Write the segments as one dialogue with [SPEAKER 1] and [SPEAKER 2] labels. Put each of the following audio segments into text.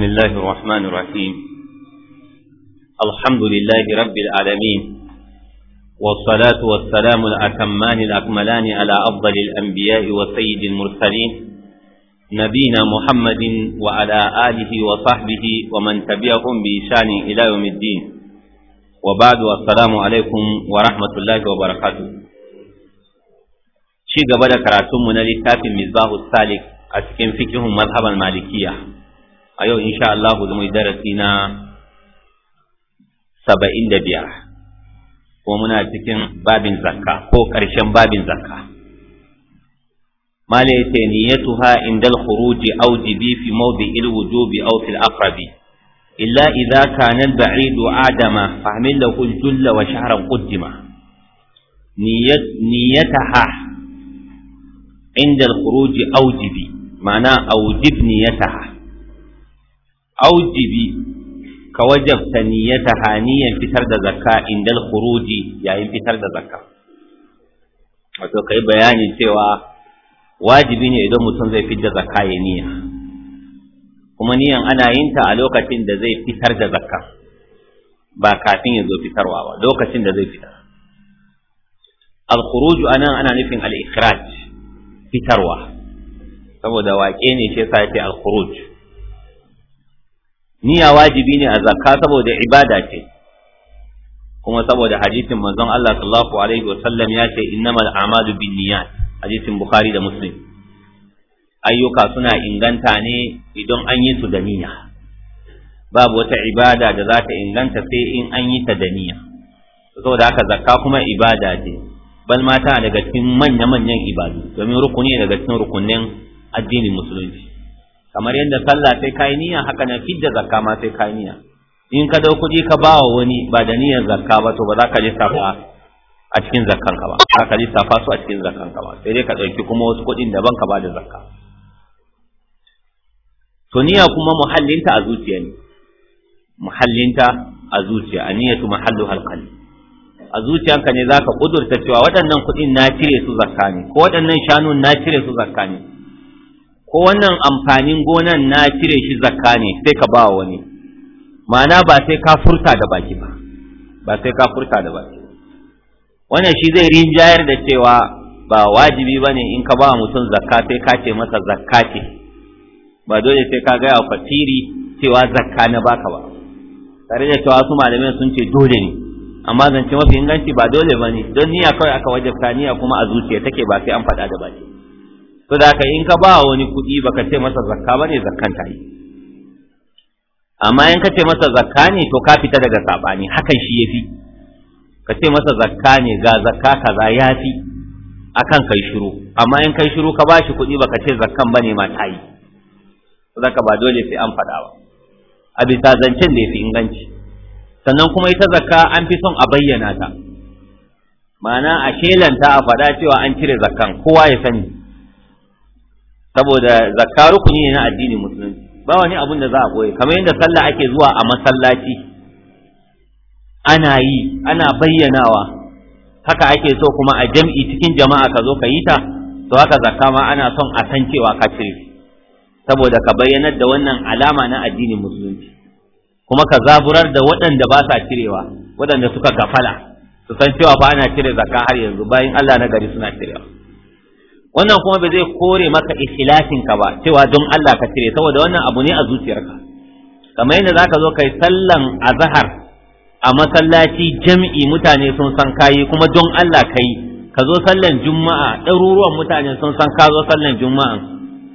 [SPEAKER 1] بسم الله الرحمن الرحيم الحمد لله رب العالمين والصلاة والسلام الأكمان الأكملان على أفضل الأنبياء وسيد المرسلين نبينا محمد وعلى آله وصحبه ومن تبعهم بإشان إلى يوم الدين وبعد السلام عليكم ورحمة الله وبركاته شيء قبل كراتم من لتاف المزباه السالك أتكن فكره مذهب المالكية a yau insha Allah darasi na saba'in da biyar ko muna cikin babin zakka ko ƙarshen babin zakka mala yace niyyatuha indal khuruji aw jibi fi mawdi'il wujubi aw fil aqrabi illa idza kana al ba'idu adama fahmil lahu al julla wa shahran qaddima niyyat niyyataha indal khuruji aw jibi ma'ana aw jib niyyataha aujibi ka wajabta niyyata haniyan fitar da zakka indal khuruji yayin fitar da zakka wato kai bayanin cewa wajibi ne idan mutum zai fitar da zakka ya niyya kuma niyan ana yin ta a lokacin da zai fitar da zakka ba kafin ya zo fitarwa ba lokacin da zai fitar al khuruju anan ana nufin al-ikhraj fitarwa saboda waƙe ne shi yasa yace al khuruju niyya wajibi ne a zakka saboda ibada ce kuma saboda hadisin manzon Allah sallallahu alaihi Sallam ya ce innamal a'malu binniyat hadisin bukhari da muslim ayyuka suna inganta ne idan an yi su da niyya babu wata ibada da za ta inganta sai in an yi ta da niyya saboda haka zakka kuma ibada ce bal mata daga cikin manya-manyan ibadu domin rukuni daga cikin rukunin addinin musulunci kamar yadda sallah sai kai niyya haka nan fidda zakka ma sai kai niyya in ka dau kuɗi ka ba wa wani ba da niyyar zakka ba to ba za ka lissafa a cikin zakkan ka ba za ka lissafa su a cikin zakkan ka ba sai dai ka ɗauki kuma wasu kuɗin daban ka ba da zakka to niyya kuma muhallinta a zuciya ne muhallinta a zuciya a niyyatu mahallu halqal a zuciyanka ne zaka kudurta cewa waɗannan kuɗin na cire su zakka ne ko waɗannan shanun na cire su zakka ne ko wannan amfanin gonan na cire shi zakka ne sai ka ba wani ma'ana ba sai ka furta da baki ba ba sai ka furta da baki wannan shi zai rinjayar da cewa ba wajibi ba ne in ka ba mutum zakka sai ka ce masa zakka ce ba dole sai ka gaya wa fatiri cewa zakka na baka ba tare da cewa su malamai sun ce dole ne amma zance mafi inganci ba dole ba ne don niyya kawai aka wajabta niyya kuma a zuciya take ba sai an faɗa da baki to da ka in ka ba wani kuɗi baka ce masa zakka bane zakkan ta yi amma in ka ce masa zakka ne to ka fita daga sabani hakan shi yafi ka ce masa zakka ne ga zakka kaza yafi akan kai shiru amma in kai shiru ka bashi kuɗi baka ce zakkan bane ma ta yi zaka ba dole sai an faɗa ba a bisa zancen da yafi inganci sannan kuma ita zakka an fi son a bayyana ta ma'ana a shelanta a faɗa cewa an cire zakkan kowa ya sani saboda zakka rukuni ne na addinin musulunci ba wani abun da za a koyi kamar yadda sallah ake zuwa a masallaci ana yi ana bayyanawa haka ake so kuma a jam'i cikin jama'a ka zo ka yi ta to haka zakka ma ana son a san cewa ka cire saboda ka bayyanar da wannan alama na addinin musulunci kuma ka zaburar da waɗanda ba sa cirewa waɗanda suka gafala su san cewa ba ana cire zakka har yanzu bayan Allah na gari suna cirewa wannan kuma ba zai kore maka ikhlasin ka ba cewa don Allah ka cire saboda wannan abu ne a zuciyarka kamar yadda zaka zo kai sallan azhar a masallaci jam'i mutane sun san kayi kuma don Allah kai ka zo sallan juma'a ɗaruruwan mutane sun san ka zo sallan juma'a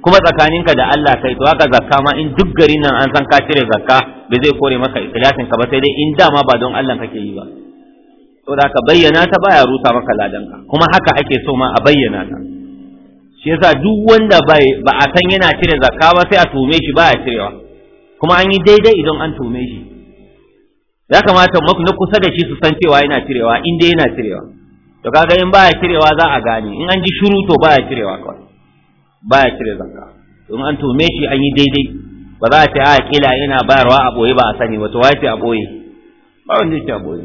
[SPEAKER 1] kuma tsakaninka da Allah kai to haka zakka ma in duk garin nan an san ka cire zakka ba zai kore maka ikhlasin ka ba sai dai in dama ba don Allah kake yi ba saboda ka bayyana ta baya rusa maka ladanka kuma haka ake so ma a bayyana ta shi yasa duk wanda bai ba a san yana cire zakka ba sai a tume shi ba a cirewa kuma an yi daidai idan an tume shi ya kamata na kusa da shi su san cewa yana cirewa in dai yana cirewa to kaga in ba ya cirewa za a gane in an ji shiru to ba ya cirewa kawai ya cire zakka in an tume shi an yi daidai ba za a ce a kila yana bayarwa a boye ba a sani ba to wace a boye ba wanda yake a boye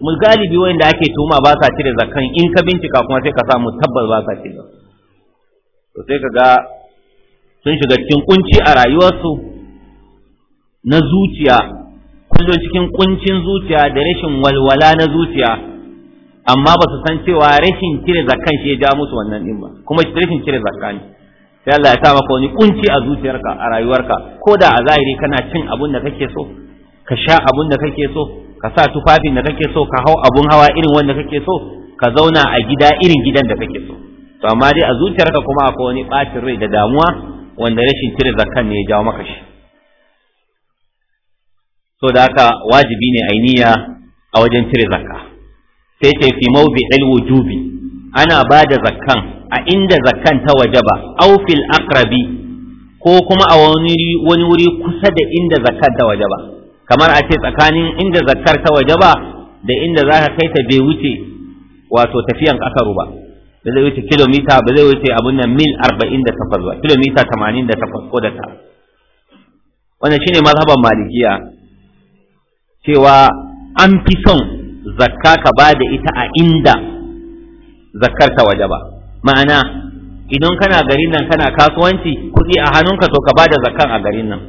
[SPEAKER 1] mu galibi wanda ake tuma ba sa cire zakkan in ka bincika kuma sai ka samu tabbas ba sa cire to sai ka ga sun shiga cikin kunci a rayuwarsu na zuciya kullum cikin kuncin zuciya da rashin walwala na zuciya amma ba su san cewa rashin cire zakkan shi ya ja musu wannan din ba kuma rashin cire zakani ne sai Allah ya sa maka wani kunci a zuciyarka a rayuwarka ko da a zahiri kana cin abun da kake so ka sha abun da kake so ka sa tufafin da kake so ka hau abun hawa irin wanda kake so ka zauna a gida irin gidan da kake so to amma dai a zuciyarka kuma akwai wani ɓacin rai da damuwa wanda rashin cire zakan ne ya jawo maka shi so da haka wajibi ne ainiya a wajen cire zakka sai ce fi mawdi'il wujubi ana ba da zakkan a inda zakkan ta wajaba aw fil aqrabi ko kuma a wani wani wuri kusa da inda zakkan ta wajaba kamar a ce tsakanin inda zakkar ta wajaba da inda za ka kai ta bai wuce wato tafiyan kasaru ba ba zai wuce kilomita ba zai wuce abun nan mil 48 ba kilomita 88 ko da ta wannan shine mazhaban malikiya cewa an fi son zakka ka ba da ita a inda zakkar ta waje ba ma'ana idan kana garin nan kana kasuwanci kuɗi a hannunka to ka ba da zakkan a garin nan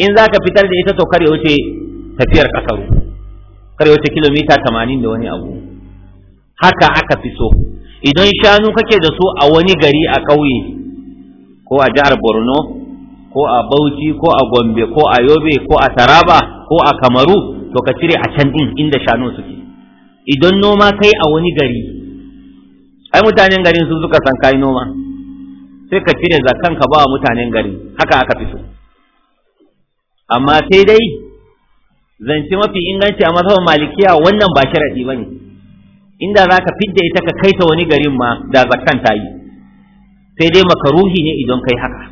[SPEAKER 1] in za ka fitar da ita to kar ya wuce tafiyar kasaru kar ya wuce kilomita 80 da wani abu haka aka fi so idan shanu kake da su a wani gari a ƙauye ko a jihar borno ko a bauchi ko a gombe ko a yobe ko a taraba ko a kamaru to ka cire a can ɗin inda shanu suke idan noma kai a wani gari ai mutanen garin su suka san kai noma sai ka cire zakan ka ba wa mutanen gari haka aka fi amma sai dai zance mafi inganci a mazhaban malikiya wannan ba sharadi bane inda za ka fidda ita ka kai ta wani garin ma da zakkan ta yi sai dai makaruhi ne idan kai haka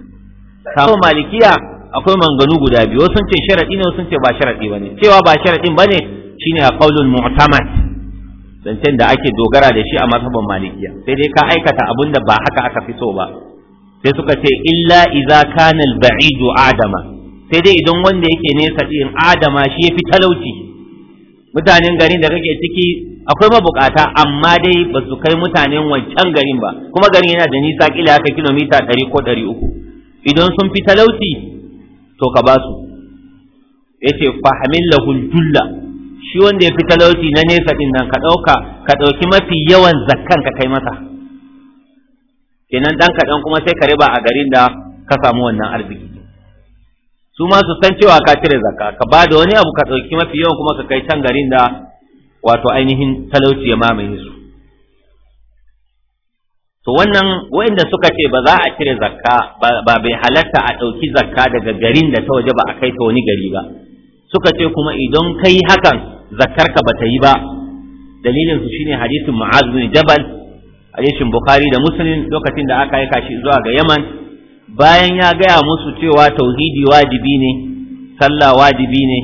[SPEAKER 1] kawo malikiya akwai manganu guda biyu sun ce sharaɗi ne sun ce ba sharaɗi ba ne cewa ba sharaɗin ba ne shine a qaulul mu'tamad zancen da ake dogara da shi a mazhaban malikiya sai dai ka aikata abin da ba haka aka fi so ba sai suka ce illa idza kana baidu adama sai dai idan wanda yake nesa ɗin adama shi yafi talauci mutanen garin da kake ciki akwai mabukata amma dai ba su kai mutanen wancan garin ba kuma garin yana da nisa kila haka kilomita ɗari ko ɗari uku idan sun fi talauci to ka ba su ya ce fahimin lahun julla shi wanda ya fi talauci na nesa ɗin nan ka ɗauka ka ɗauki mafi yawan zakkan ka kai masa kenan ɗan kaɗan kuma sai ka riba a garin da ka samu wannan arziki su ma su san cewa ka cire zakka ka ba da wani abu ka ɗauki mafi yawan kuma ka kai can garin da wato ainihin talauci ya mamaye su to wannan waɗanda suka ce ba za a cire zakka ba bai halatta a ɗauki zakka daga garin da ta waje ba a kai ta wani gari ba suka ce kuma idan kai hakan zakkar ka ba ta yi ba dalilin su shine hadisin mu'az bin jabal hadisin bukhari da muslim lokacin da aka yi kashi zuwa ga yaman bayan ya gaya musu cewa tauhidi wajibi ne sallah wajibi ne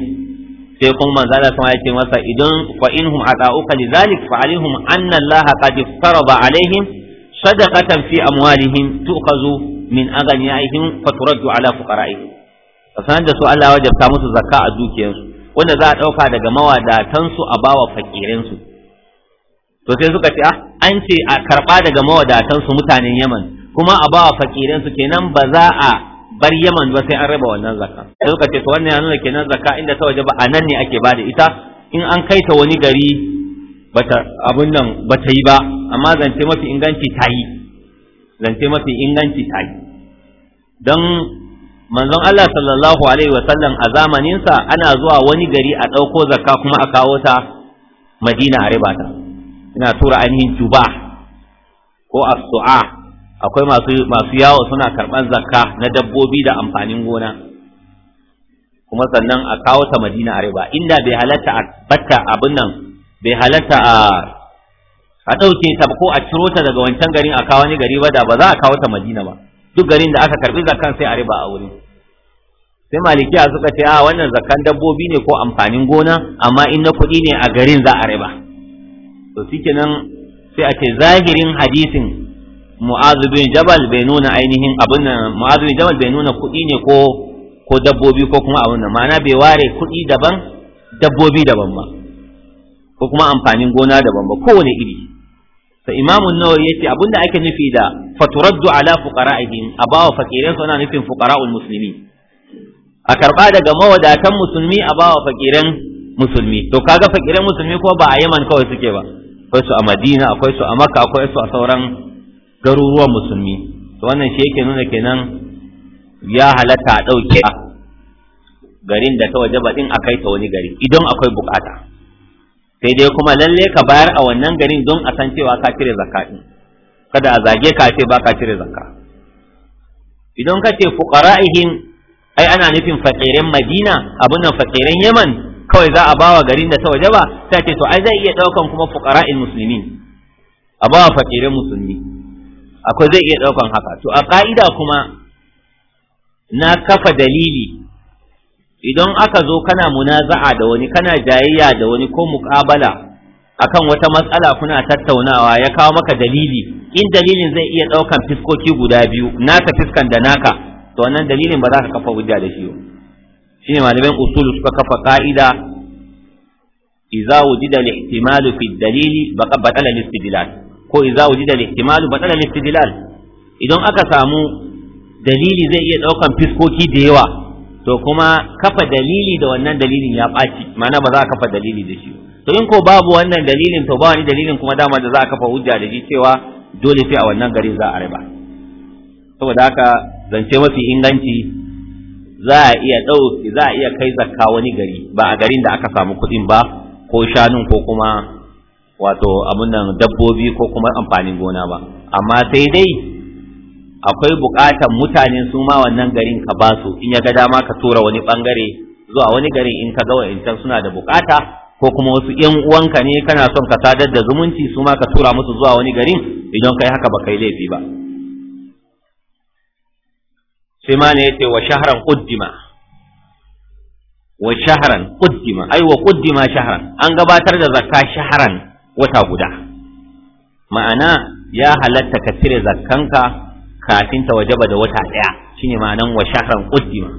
[SPEAKER 1] sai kuma manzo Allah ya yake masa idan fa inhum ata'uka lidhalik fa alaihim anna Allah qad farada alaihim sadaqatan fi amwalihim tu'khazu min aghniyaihim fa turaddu ala fuqara'ihim sanan da su Allah wajabta musu zakka a dukiyarsu wanda za a dauka daga mawadatansu a bawa fakirinsu to sai suka ce ah an ce a karba daga mawadatansu mutanen Yaman kuma a ba fakirin su kenan ba za a bar yaman ba sai an raba wannan zaka. sai suka ce to wannan ya nuna kenan zaka inda ta waje ba a nan ne ake bada ita in an kai ta wani gari bata abun nan bata yi ba amma zance mafi inganci ta yi zance mafi inganci ta yi don manzon Allah sallallahu alaihi wa sallam a zamaninsa ana zuwa wani gari a ɗauko zakka kuma a kawo ta Madina a ribata ina tura ainihin juba ko asu'a. akwai masu masu yawo suna karban zakka na dabbobi da amfanin gona kuma sannan a kawo ta Madina a riba inda bai halatta a batta abin nan bai halatta a a ɗauke ta ko a ciro ta daga wancan garin a kawo ni gari ba da ba za a kawo ta Madina ba duk garin da aka karbi zakkan sai a riba a wurin sai malikiya suka ce a wannan zakkan dabbobi ne ko amfanin gona amma in na kuɗi ne a garin za a riba to shikenan sai a ce zahirin hadisin mu'az bin jabal bai nuna ainihin abun nan mu'az bin jabal bai nuna kuɗi ne ko ko dabbobi ko kuma abin nan ma'ana bai ware kuɗi daban dabbobi daban ba ko kuma amfanin gona daban ba kowane iri fa imamu nawawi yace abinda ake nufi da faturaddu ala fuqara'ihim abawa fakirin suna nufin fuqara'ul muslimin a karba daga mawadatan musulmi a bawa fakiran musulmi to kaga fakiran musulmi ko ba a Yaman kawai suke ba akwai su a Madina akwai su a Makka akwai su a sauran garuruwan musulmi to wannan shi yake nuna kenan ya halatta a ɗauke garin da ta waje baɗin a kai ta wani gari idan akwai bukata sai dai kuma lalle ka bayar a wannan garin don a san cewa ka cire zakka kada a zage ka ce ba ka cire zakka idan ka ce fuqara'ihim ai ana nufin fakirin Madina abin nan fakirin Yaman kawai za a bawa garin da ta waje ba sai ce to ai zai iya daukan kuma fuqara'il muslimin a bawa fakirin musulmi akwai zai iya ɗaukan haka to a ƙa'ida kuma na kafa dalili idan aka zo kana munaza'a da wani kana jayayya da wani ko muƙabala akan wata matsala kuna tattaunawa ya kawo maka dalili in dalilin zai iya ɗaukan fiskoki guda biyu naka fiskan da naka to wannan dalilin ba za ka kafa hujja da shi ba shine malamin usulu suka kafa ka'ida idza wujida al-ihtimalu fi dalili baqa batala al-istidlal ko idza wujida al-ihtimal badala al-istidlal idan aka samu dalili zai iya daukan fiskoki da yawa to kuma kafa dalili da wannan dalilin ya baci ma'ana ba za a kafa dalili da shi to in ko babu wannan dalilin to ba wani dalilin kuma dama da za a kafa hujja da shi cewa dole sai a wannan gari za a riba saboda haka zance mafi inganci za a iya ɗauki za a iya kai zakka wani gari ba a garin da aka samu kuɗin ba ko shanun ko kuma wato abun nan dabbobi ko kuma amfanin gona ba amma sai dai akwai bukatan mutane su ma wannan garin ka ba su in ya ga dama ka tura wani bangare zuwa wani garin in ka ga wa'incan suna da bukata ko kuma wasu yan uwanka ne kana son ka sadar da zumunci su ma ka tura musu zuwa wani garin idan kai haka ba kai laifi ba sai ma ne yace wa shahran quddima wa shahran quddima aiwa quddima shahran an gabatar da zakka shahran wata guda ma'ana ya halatta ka cire zakkanka kafin ta wajaba da wata ɗaya shine ma'anan wa shahran qaddima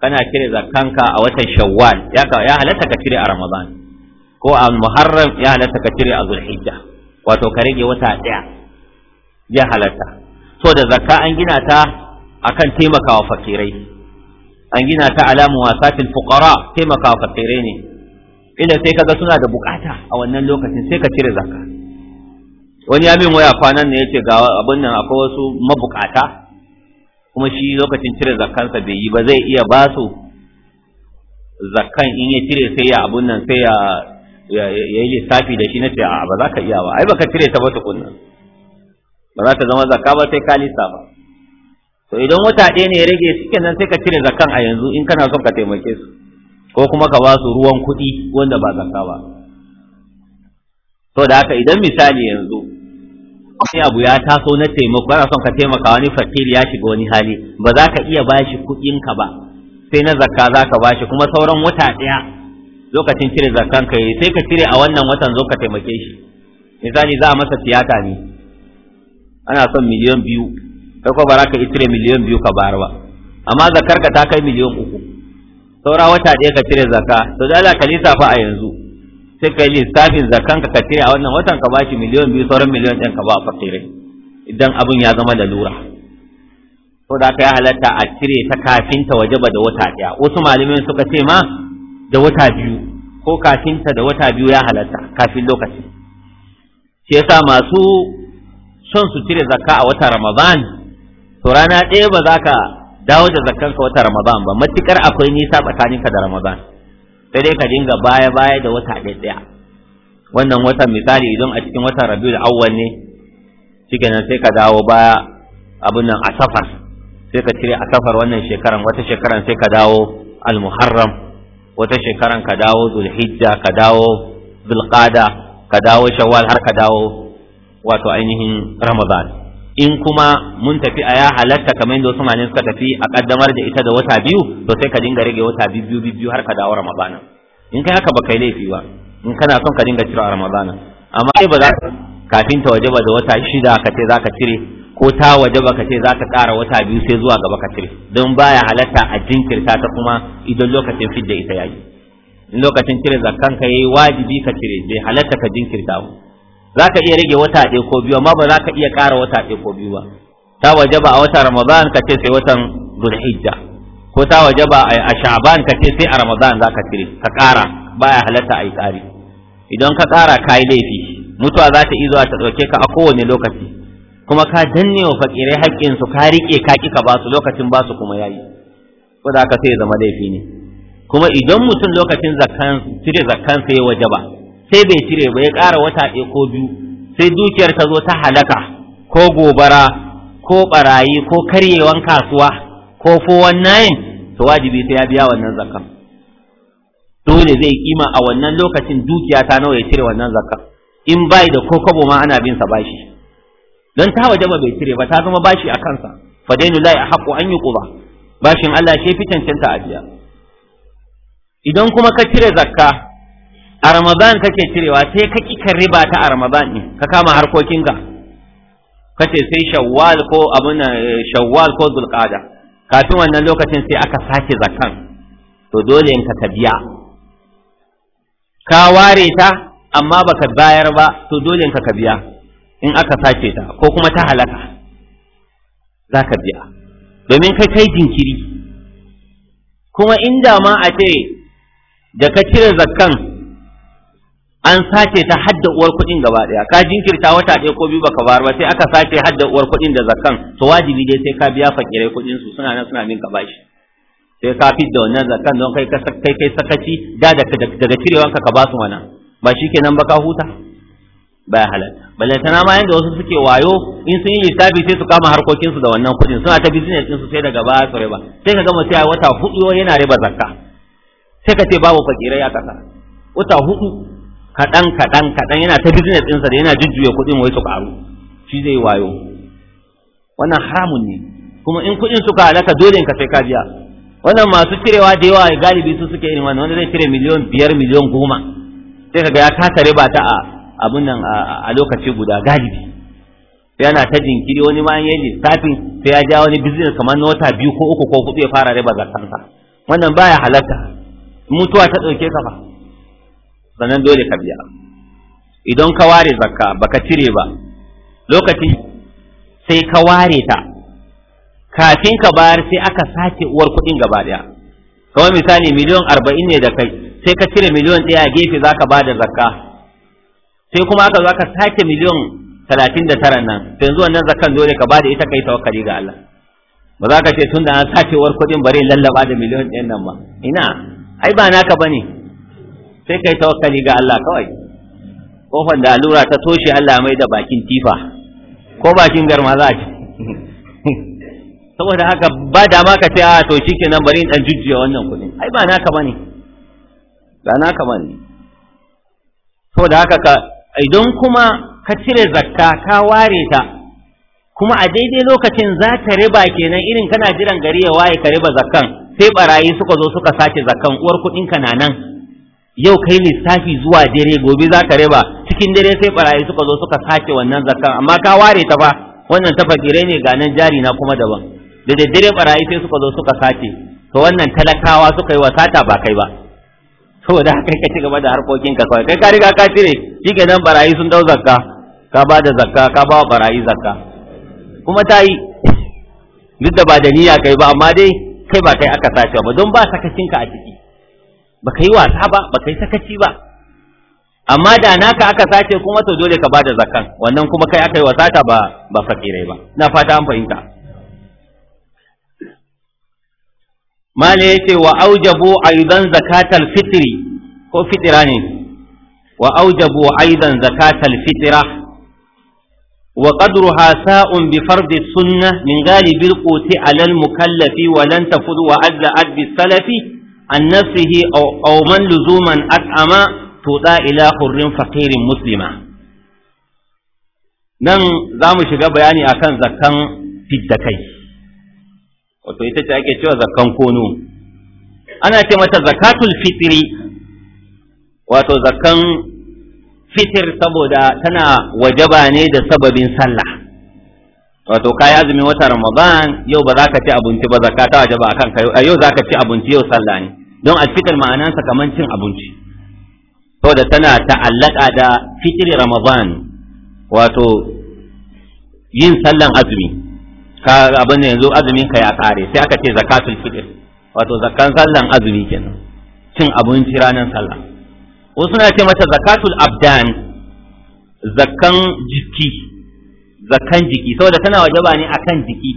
[SPEAKER 1] kana cire zakkanka a watan shawwal ya ya halatta ka cire a ramadan ko a muharram ya halatta ka cire a zulhijja wato ka rage wata ɗaya ya halatta so da zakka an gina ta akan taimakawa fakirai an gina ta ala wasatil fuqara taimakawa fakirai ne inda sai kaga suna da bukata a wannan lokacin sai ka cire zakka wani ya min waya kwanan ne yace ga abin nan akwai wasu mabukata kuma shi lokacin cire zakkansa bai yi ba zai iya ba su zakkan in ya cire sai ya abun nan sai ya ya yi lissafi da shi na ce a ba za ka iya ba ai baka cire ta ba tukunna ba za ta zama zakka ba sai ka lissafa to idan wata ɗaya ne ya rage cikin nan sai ka cire zakkan a yanzu in kana son ka taimake su ko kuma ka ba su ruwan kuɗi wanda ba zaka ba to da haka idan misali yanzu wani abu ya taso na taimako ana son ka taimaka wani fakir ya shiga wani hali ba za ka iya bashi kuɗinka ba sai na zakka za ka bashi kuma sauran wata ɗaya lokacin cire zakkan ka yi sai ka cire a wannan watan zo ka taimake shi misali za a masa tiyata ne ana son miliyan biyu kai ko ba za ka iya cire miliyan biyu ka bayar ba amma zakkar ka ta kai miliyan uku saura wata ɗaya ka cire zaka to da Allah ka lissafa a yanzu sai ka yi lissafin zakan ka cire a wannan watan ka bashi miliyon biyu sauran miliyon ɗin ka ba a fakirai idan abun ya zama da lura, to da ka ya halatta a cire ta kafin ta wajaba da wata ɗaya wasu malamai suka ce ma da wata biyu ko kafin ta da wata biyu ya halatta kafin lokaci shi yasa masu son su cire zakka a wata Ramadan to rana ɗaya ba za ka dawo da zakkanka wata ramadan ba matukar akwai nisa tsakaninka da ramadan sai dai ka dinga baya baya da wata ɗaya wannan wata misali idan a cikin wata rabiul awwal ne nan sai ka dawo baya abin nan a safar sai ka cire a safar wannan shekaran wata shekaran sai ka dawo al-muharram wata shekaran ka dawo zulhijja ka dawo zulqada ka dawo shawwal har ka dawo wato ainihin ramadan in kuma mun tafi a ya halatta kamar yadda wasu malamin suka tafi a kaddamar da ita da wata biyu to sai ka dinga rage wata biyu biyu biyu har ka dawo ramadana in kai haka ba laifi ba in kana son ka dinga cire a ramadana amma ai ba za ka kafin ta wajaba da wata shida ka ce za ka cire ko ta waje ba ka ce za ka ƙara wata biyu sai zuwa gaba ka cire don baya halatta a jinkirta ta kuma idan lokacin fidda ita yayi in lokacin cire zakkan ka yayi wajibi ka cire bai halatta ka jinkirta ba za ka iya rage wata ɗaya ko biyu amma ba za ka iya ƙara wata ɗaya ko biyu ba ta wajaba a wata ramadan ka ce sai watan zulhijja ko ta wajaba a sha'ban ka ce sai a ramadan za ka cire ka ƙara baya halatta a yi ƙari idan ka ƙara ka yi laifi mutuwa za ta izo ta ɗauke ka a kowane lokaci kuma ka danne wa fakirai haƙƙinsu ka riƙe ka ƙi ka basu lokacin basu kuma ya yi. ko da ka sai zama laifi ne kuma idan mutum lokacin zakkan cire zakkan sai waje ba. sai bai cire ba ya ƙara wata ɗaya ko biyu sai dukiyar ta zo ta halaka ko gobara ko barayi ko karyewan kasuwa ko fowan nayin to wajibi sai ya biya wannan zakka dole zai kima a wannan lokacin dukiya ta nawa ya cire wannan zakka in bai da ko kabo ma ana bin sa bashi don ta waje bai cire ba ta zama bashi a kansa fa dainu lahi haqqu an yuqba bashin Allah shi fi cancanta a biya idan kuma ka cire zakka a ramadan kake cirewa sai ka ka riba ta a ramadan ne ka kama harkokinka ka ce sai shawwal ko abin eh, shawwal ko zulqada kafin wannan lokacin sai aka sake zakan to dole in ka biya ka ware ta amma baka bayar ba to dole in ka biya in aka sake ta ko kuma ta halaka za ka biya domin kai kai jinkiri kuma inda ma a ce da ka cire zakkan an sace ta hadda uwar kuɗin gaba ɗaya ka jinkirta wata ɗaya ko biyu baka bayar ba sai aka sace hadda uwar kuɗin da zakkan to wajibi dai sai ka biya fakirai kuɗin su suna nan suna min ka bashi sai ka fi da wannan zakkan don kai kai kai sakaci da daga cirewanka ka ba su wannan ba shikenan ba ka huta ba halatta ballantana ma yanda wasu suke wayo in sun yi lissafi sai su kama harkokin su da wannan kuɗin suna ta business din su sai daga ba su riba sai ka gama sai wata hudu yana riba zakka sai ka ce babu fakirai a kasa wata hudu kaɗan kaɗan kaɗan yana ta business ɗinsa da yana jujjuya kuɗin wai su ƙaru shi zai wayo wannan haramun ne kuma in kuɗin suka halaka dole in ka sai ka biya wannan masu cirewa da yawa galibi su suke irin wannan wanda zai cire miliyon biyar miliyon goma sai kaga ya kasa riba ta a abun nan a lokaci guda galibi yana ta jinkiri wani ma ya lissafin sai ya ja wani business kamar nota biyu ko uku ko hudu ya fara riba zakansa wannan baya halarta mutuwa ta ɗauke ka fa sannan dole ka biya idan ka ware zakka baka cire ba lokaci sai ka ware ta kafin ka bayar sai aka sace uwar kuɗin gaba ɗaya kamar misali miliyon arba'in ne da kai sai ka cire miliyon ɗaya a gefe za ka ba da zakka sai kuma aka zo aka sace miliyon talatin da tara nan yanzu wannan zakkan dole ka ba da ita kai tawakkali ga Allah ba za ka ce tun da an uwar kuɗin bare lallaba da miliyon ɗayan nan ba ina ai ba naka bane sai kai tawakkali ga Allah kawai kofar da allura ta toshe Allah mai da bakin tifa ko bakin garma za a ci saboda haka ba da ma ka ce a to kenan bari dan jujjuya wannan kudin ai ba naka bane ba naka bane saboda haka ka idan kuma ka cire zakka ka ware ta kuma a daidai lokacin za ka riba kenan irin kana jiran gari ya waye ka riba zakkan sai barayi suka zo suka sace zakkan uwar kuɗinka na nan yau kai lissafi zuwa dare gobe za ka raba cikin dare sai barayi suka zo suka sake wannan zakkan amma ka ware ta ba wannan ta fakirai ne ga nan jari na kuma daban da daddare barayi sai suka zo suka sace to wannan talakawa suka yi wa sata ba kai ba saboda haka ka ci gaba da harkokin ka kawai kai ka riga ka cire shi nan barayi sun dau zakka ka ba da zakka ka ba barayi zakka kuma ta yi duk da ba da niyya kai ba amma dai kai ba kai aka sace ba don ba sakacinka a ciki baka yi wasa ba baka yi sakaci ba amma da naka aka sace kuma to dole ka bada zakan wannan kuma kai aka yi wasata ba ba fakirai ba na fata an fahimta mala yace wa aujabu aidan zakatal fitri ko fitira ne wa aujabu aidan zakatal fitra وقدرها ساء بفرض السنة من غالب القوت على المكلف ولن تفض وأدى أدب salafi? an nafsihi aw man luzuman at'ama tuda ila hurrin faqirin muslima nan za mu shiga bayani akan zakkan fidda kai wato ita ce ake cewa zakkan kono ana ce mata zakatul fitri wato zakkan fitir saboda tana wajaba ne da sababin sallah wato kayi azumin wata ramadan yau ba za ka ci abinci ba zakka ta waje ba a kanka yau za ka ci abinci yau sallah ne don a cikin ma'anansa kamar cin abinci saboda tana ta'allaka da fitri ramadan wato yin sallan azumi ka abin yanzu azumin ka ya kare sai aka ce zakatul fitr wato zakkan sallan azumi kenan cin abinci ranar sallah wasu na ce mata zakatul abdan zakkan jiki zakan jiki saboda tana wajaba ne akan jiki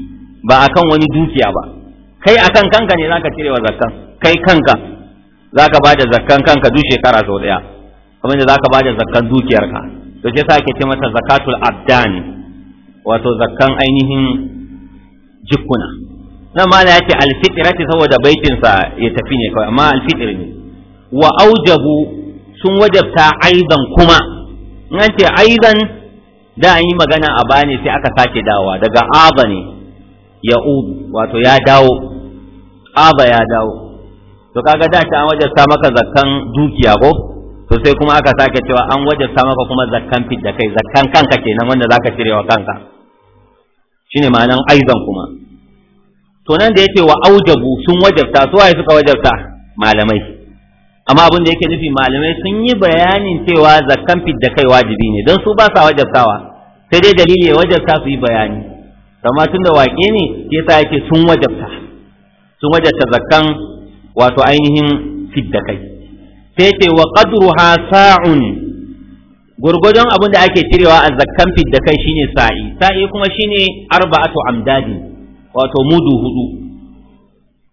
[SPEAKER 1] ba akan wani dukiya ba kai akan kanka ne zaka cirewa zakan kai kanka zaka bada zakkan kanka duk shekara sau daya kuma da zaka bada zakkan dukiyarka to sai sa ake ce mata zakatul abdan wato zakkan ainihin jikuna. nan ma na yake alfitrati saboda baitin sa ya tafi ne kawai amma alfitr ne wa aujabu sun wajabta aidan kuma in an ce aidan da an yi magana a bani sai aka sake dawowa daga aba ne ya wato ya dawo aba ya dawo to kaga da ta an wajasta maka zakkan dukiya ko to sai kuma aka sake cewa an wajasta maka kuma zakkan fit da kai zakkan kanka kenan wanda zaka cire wa kanka shine ma'anan aizan kuma to nan da yace wa aujabu sun wajabta su waye suka wajabta malamai amma abin da yake nufi malamai sun yi bayanin cewa zakkan fidda kai wajibi ne don su ba sa wajabtawa sai dai dalili ya wajabta su yi bayani amma tun da waƙe ne sa yake sun wajabta sun wajabta zakkan wato ainihin fidda kai sai ce wa qadruha sa'un gurgudun abin da ake cirewa a zakkan fidda kai shine sa'i sa'i kuma shine arba'atu amdadi wato mudu hudu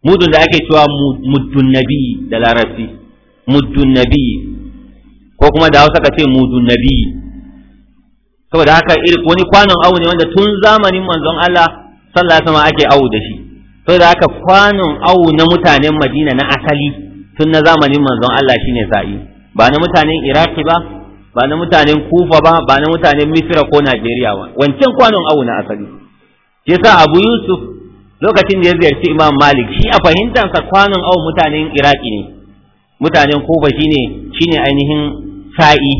[SPEAKER 1] mudun da ake cewa muddun nabi da larabci muddun nabi ko kuma da hausa ka ce mudun nabi saboda haka wani kwanon awu ne wanda tun zamanin manzon Allah sallallahu alaihi ake awu da shi saboda haka kwanon awu na mutanen Madina na asali tun na zamanin manzon Allah shine sa'i ba na mutanen Iraki ba ba na mutanen Kufa ba ba na mutanen Misra ko Najeriya ba wancan kwanon awu na asali yasa Abu Yusuf lokacin da ya ziyarci Imam Malik shi a fahimtansa kwanon awu mutanen Iraki ne mutanen koba shine shine ainihin sa'i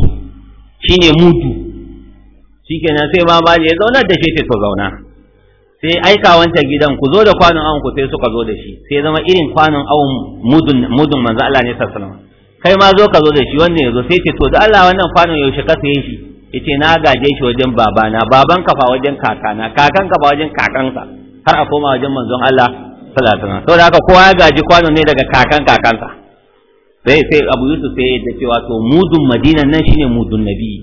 [SPEAKER 1] shine mudu shikenan sai ma ba ya zauna da shi to zauna sai aika wancan gidan ku zo da kwanon awon ku sai suka zo da shi sai zama irin kwanon awon mudun mudun manzo Allah ne sallallahu alaihi wasallam kai ma zo ka zo da shi wannan zo. sai ce to da Allah wannan kwanon yaushe ka saye shi yace na gaje shi wajen babana baban ka fa wajen kakana kakan ka fa wajen kakansa har a koma wajen manzon Allah sallallahu alaihi wasallam da haka kowa ya gaji kwanon ne daga kakan kakansa sai sai abu yusuf sai da cewa to mudun madina nan shine mudun nabi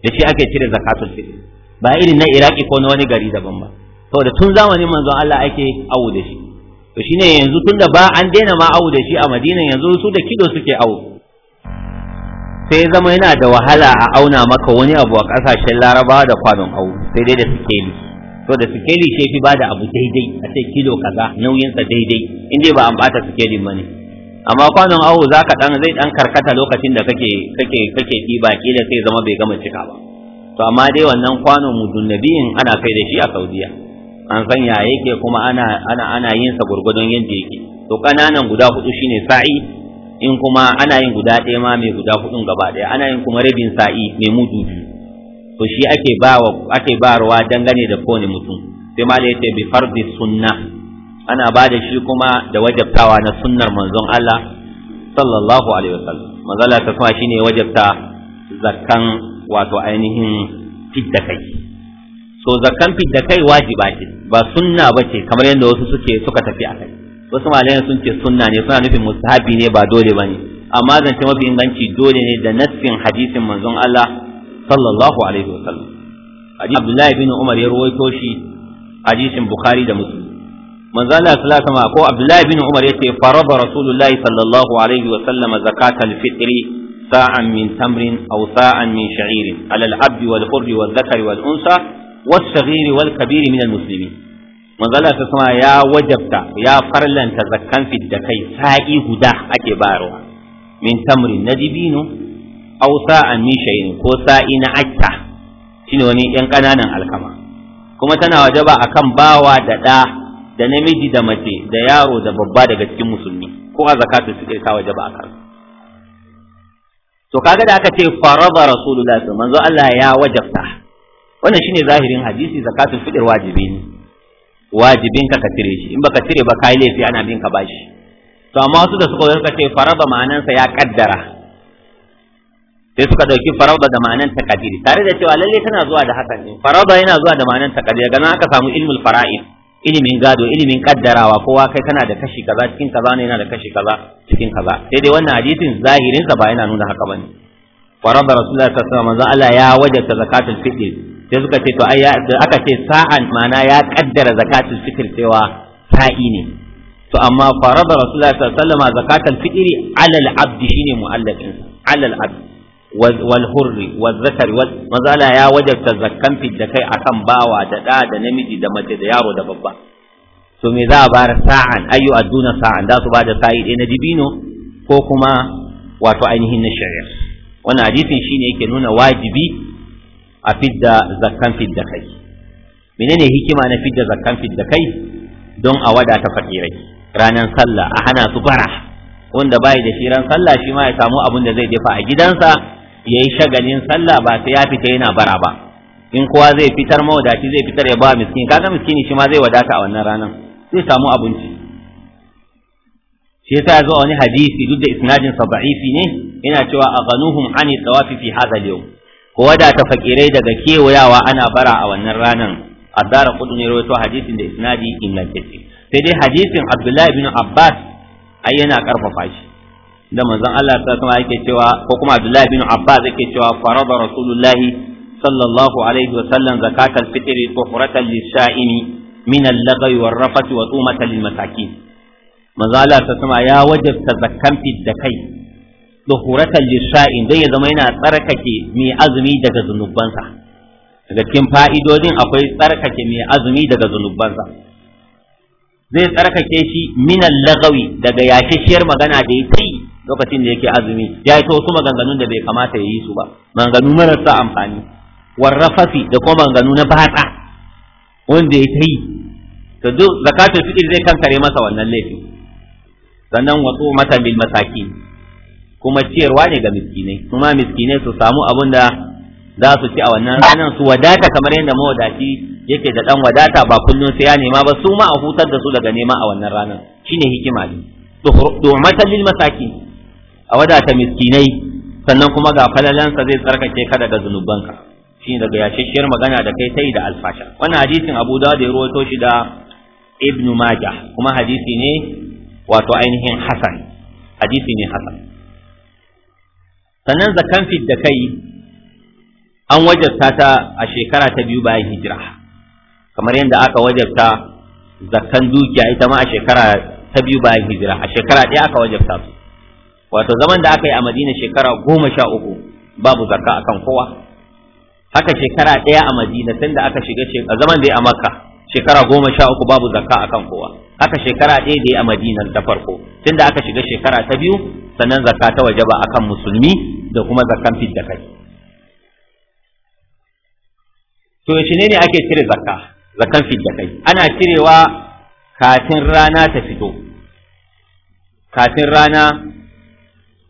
[SPEAKER 1] da shi ake cire zakatul fitr ba irin na iraki ko na wani gari daban ba saboda tun zamanin manzon Allah ake awo da shi to shine yanzu tunda ba an daina ma awo da shi a madina yanzu su da kido suke awo sai zama yana da wahala a auna maka wani abu a kasashen larabawa da kwanon awo sai dai da sikeli to da sikeli shi fi bada abu daidai a ce kilo kaza nauyinsa daidai in dai ba an bata sikelin ba ne amma kwanon awo za ka ɗan zai ɗan karkata lokacin da kake kake kake ɗiba kila sai zama bai gama cika ba to amma dai wannan kwanon mudunnabiyin ana kai da shi a saudiya an san ya yake kuma ana ana ana yin sa gurgudun yadda yake to kananan guda hudu shine sa'i in kuma ana yin guda ɗaya ma mai guda hudun gaba ɗaya ana yin kuma rabin sa'i mai mudu to shi ake ba ake barwa dangane da kowane mutum sai ma da yace bi fardi sunnah ana ba da shi kuma da wajabtawa na sunnar manzon Allah sallallahu alaihi wasallam manzala ta kuma shine wajabta zakkan wato ainihin fidda kai so zakkan fidda kai wajiba ce ba sunna bace kamar yadda wasu suke suka tafi a kai wasu malayan sun ce sunna ne suna nufin mustahabi ne ba dole bane amma zance mafi inganci dole ne da nassin hadisin manzon Allah sallallahu alaihi wasallam hadisi Abdullahi bin Umar ya ruwaito shi hadisin Bukhari da Muslim manzo Allah sallallahu alaihi wasallam ko Abdullahi bin Umar yace farada Rasulullahi sallallahu alaihi wasallam zakatal fitri sa'an min tamrin aw sa'an min sha'irin ala al-abdi wal hurri wal dhakari wal unsa was saghiri wal kabiri min ya wajabta ya farlanta zakkan fit da kai sa'i guda ake bayarwa min tamrin na dibinu aw sa'an min ko sa'i na acta. shine wani yan kananan alkama kuma tana wajaba akan bawa da da da namiji da mace da yaro da babba daga cikin musulmi ko a zakatu suke kawo ba akan to kaga da aka ce farada rasulullah manzo Allah ya wajabta wannan shine zahirin hadisi zakatun fidir wajibi ne wajibin ka ka shi in baka tire ba kai laifi ana bin ka bashi to amma wasu da suka suka ce ma'anan sa ya kaddara sai suka dauki farada da ma'anan takadiri tare da cewa lalle tana zuwa da hakan ne farada yana zuwa da ma'anan takadiri ganin aka samu ilmul fara'id ilimin gado ilimin kaddarawa kowa kai kana da kashi kaza cikin kaza ne yana da kashi kaza cikin kaza sai dai wannan hadisin zahirin sa ba yana nuna haka bane faraba rasulullahi sallallahu alaihi wasallam Allah ya wajabta zakatul fitr sai suka ce to ai aka ce sa'an mana ya kaddara zakatul fitr cewa sa'i ne to amma faraba rasulullahi sallallahu alaihi wasallam zakatul fitr alal abdi shine mu'allafin alal abdi Walhurri, hurri wal ya wajabta zakkan fidda kai akan bawa da da da namiji da mace da yaro da babba to me za a bayar sa'an ayu aduna sa'an za su ba da sa'i ɗaya na dibino ko kuma wato ainihin na shari'a wannan hadisin shine yake nuna wajibi a fidda zakkan fidda kai menene hikima na fidda zakkan fidda kai don a wadata fakirai ranar sallah a hana su bara wanda bai da shi ran sallah shi ma ya samu abin da zai dafa a gidansa ya yi shagalin sallah ba sai ya fita yana bara ba in kowa zai fitar mawadaci zai fitar ya ba miskin kaga miskini shi ma zai wadata a wannan ranar zai samu abinci shi yasa zo wani hadisi duk da isnadin sa da'ifi ne yana cewa aghanuhum ani tawafi fi hadha al-yawm ko ta fakirai daga kewayawa ana bara a wannan ranar azara kudu ne rawaito hadisin da isnadi ingantacce sai dai hadisin abdullahi ibn abbas ai yana karfafa shi da manzon Allah sallallahu Sama yake cewa ko kuma Abdullahi bin Abbas yake cewa farada Rasulullahi sallallahu alaihi wa sallam zakatal fitri tuhratan lis-sha'imi min al-laghi war-rafath wa tumatan lil-masakin manzon Allah Sama ya wajabta zakkan fit da kai tuhratan lis-sha'in dai ya zama yana tsarkake mai azumi daga zunubansa daga cikin fa'idodin akwai tsarkake mai azumi daga zunubansa zai tsarkake shi minan lagawi daga yashishiyar magana da ya yi lokacin da yake azumi ya yi wasu maganganun da bai kamata ya yi su ba maganganu marasa amfani Warrafafi da kuma maganganu na batsa wanda ya ta yi to duk zakatul fitr zai kankare masa wannan laifin sannan wasu mata bil masakin kuma ciyarwa ne ga miskinai kuma miskinai su samu abin da za su ci a wannan ranar su wadata kamar yadda mawadaci yake da dan wadata ba kullum sai ya nema ba su ma a hutar da su daga nema a wannan ranar shine hikima ne du'matan lil masaki, a wadata miskinai sannan kuma ga falalansa zai tsarkake ka daga zunubanka shine daga yashashiyar magana da kai tai da alfasha wannan hadisin Abu Dawud ya rawaito shi da Ibn Majah kuma hadisi ne wato ainihin Hasan hadisi ne Hasan sannan zakan fit da kai an wajabta ta a shekara ta biyu bayan hijira kamar yadda aka wajabta zakan dukiya ita ma a shekara ta biyu bayan hijira a shekara ɗaya aka wajabta su wato zaman da aka yi a madina shekara goma sha uku babu zakka akan kowa haka shekara ɗaya a madina tun da aka shiga a zaman da ya a makka shekara goma sha uku babu zakka akan kowa haka shekara ɗaya da ya a madina ta farko tun da aka shiga shekara ta biyu sannan zakka ta wajaba akan musulmi da kuma zakkan fidda kai to yaushe ne ne ake cire zakka zakkan Kai? ana cirewa kafin rana ta fito kafin rana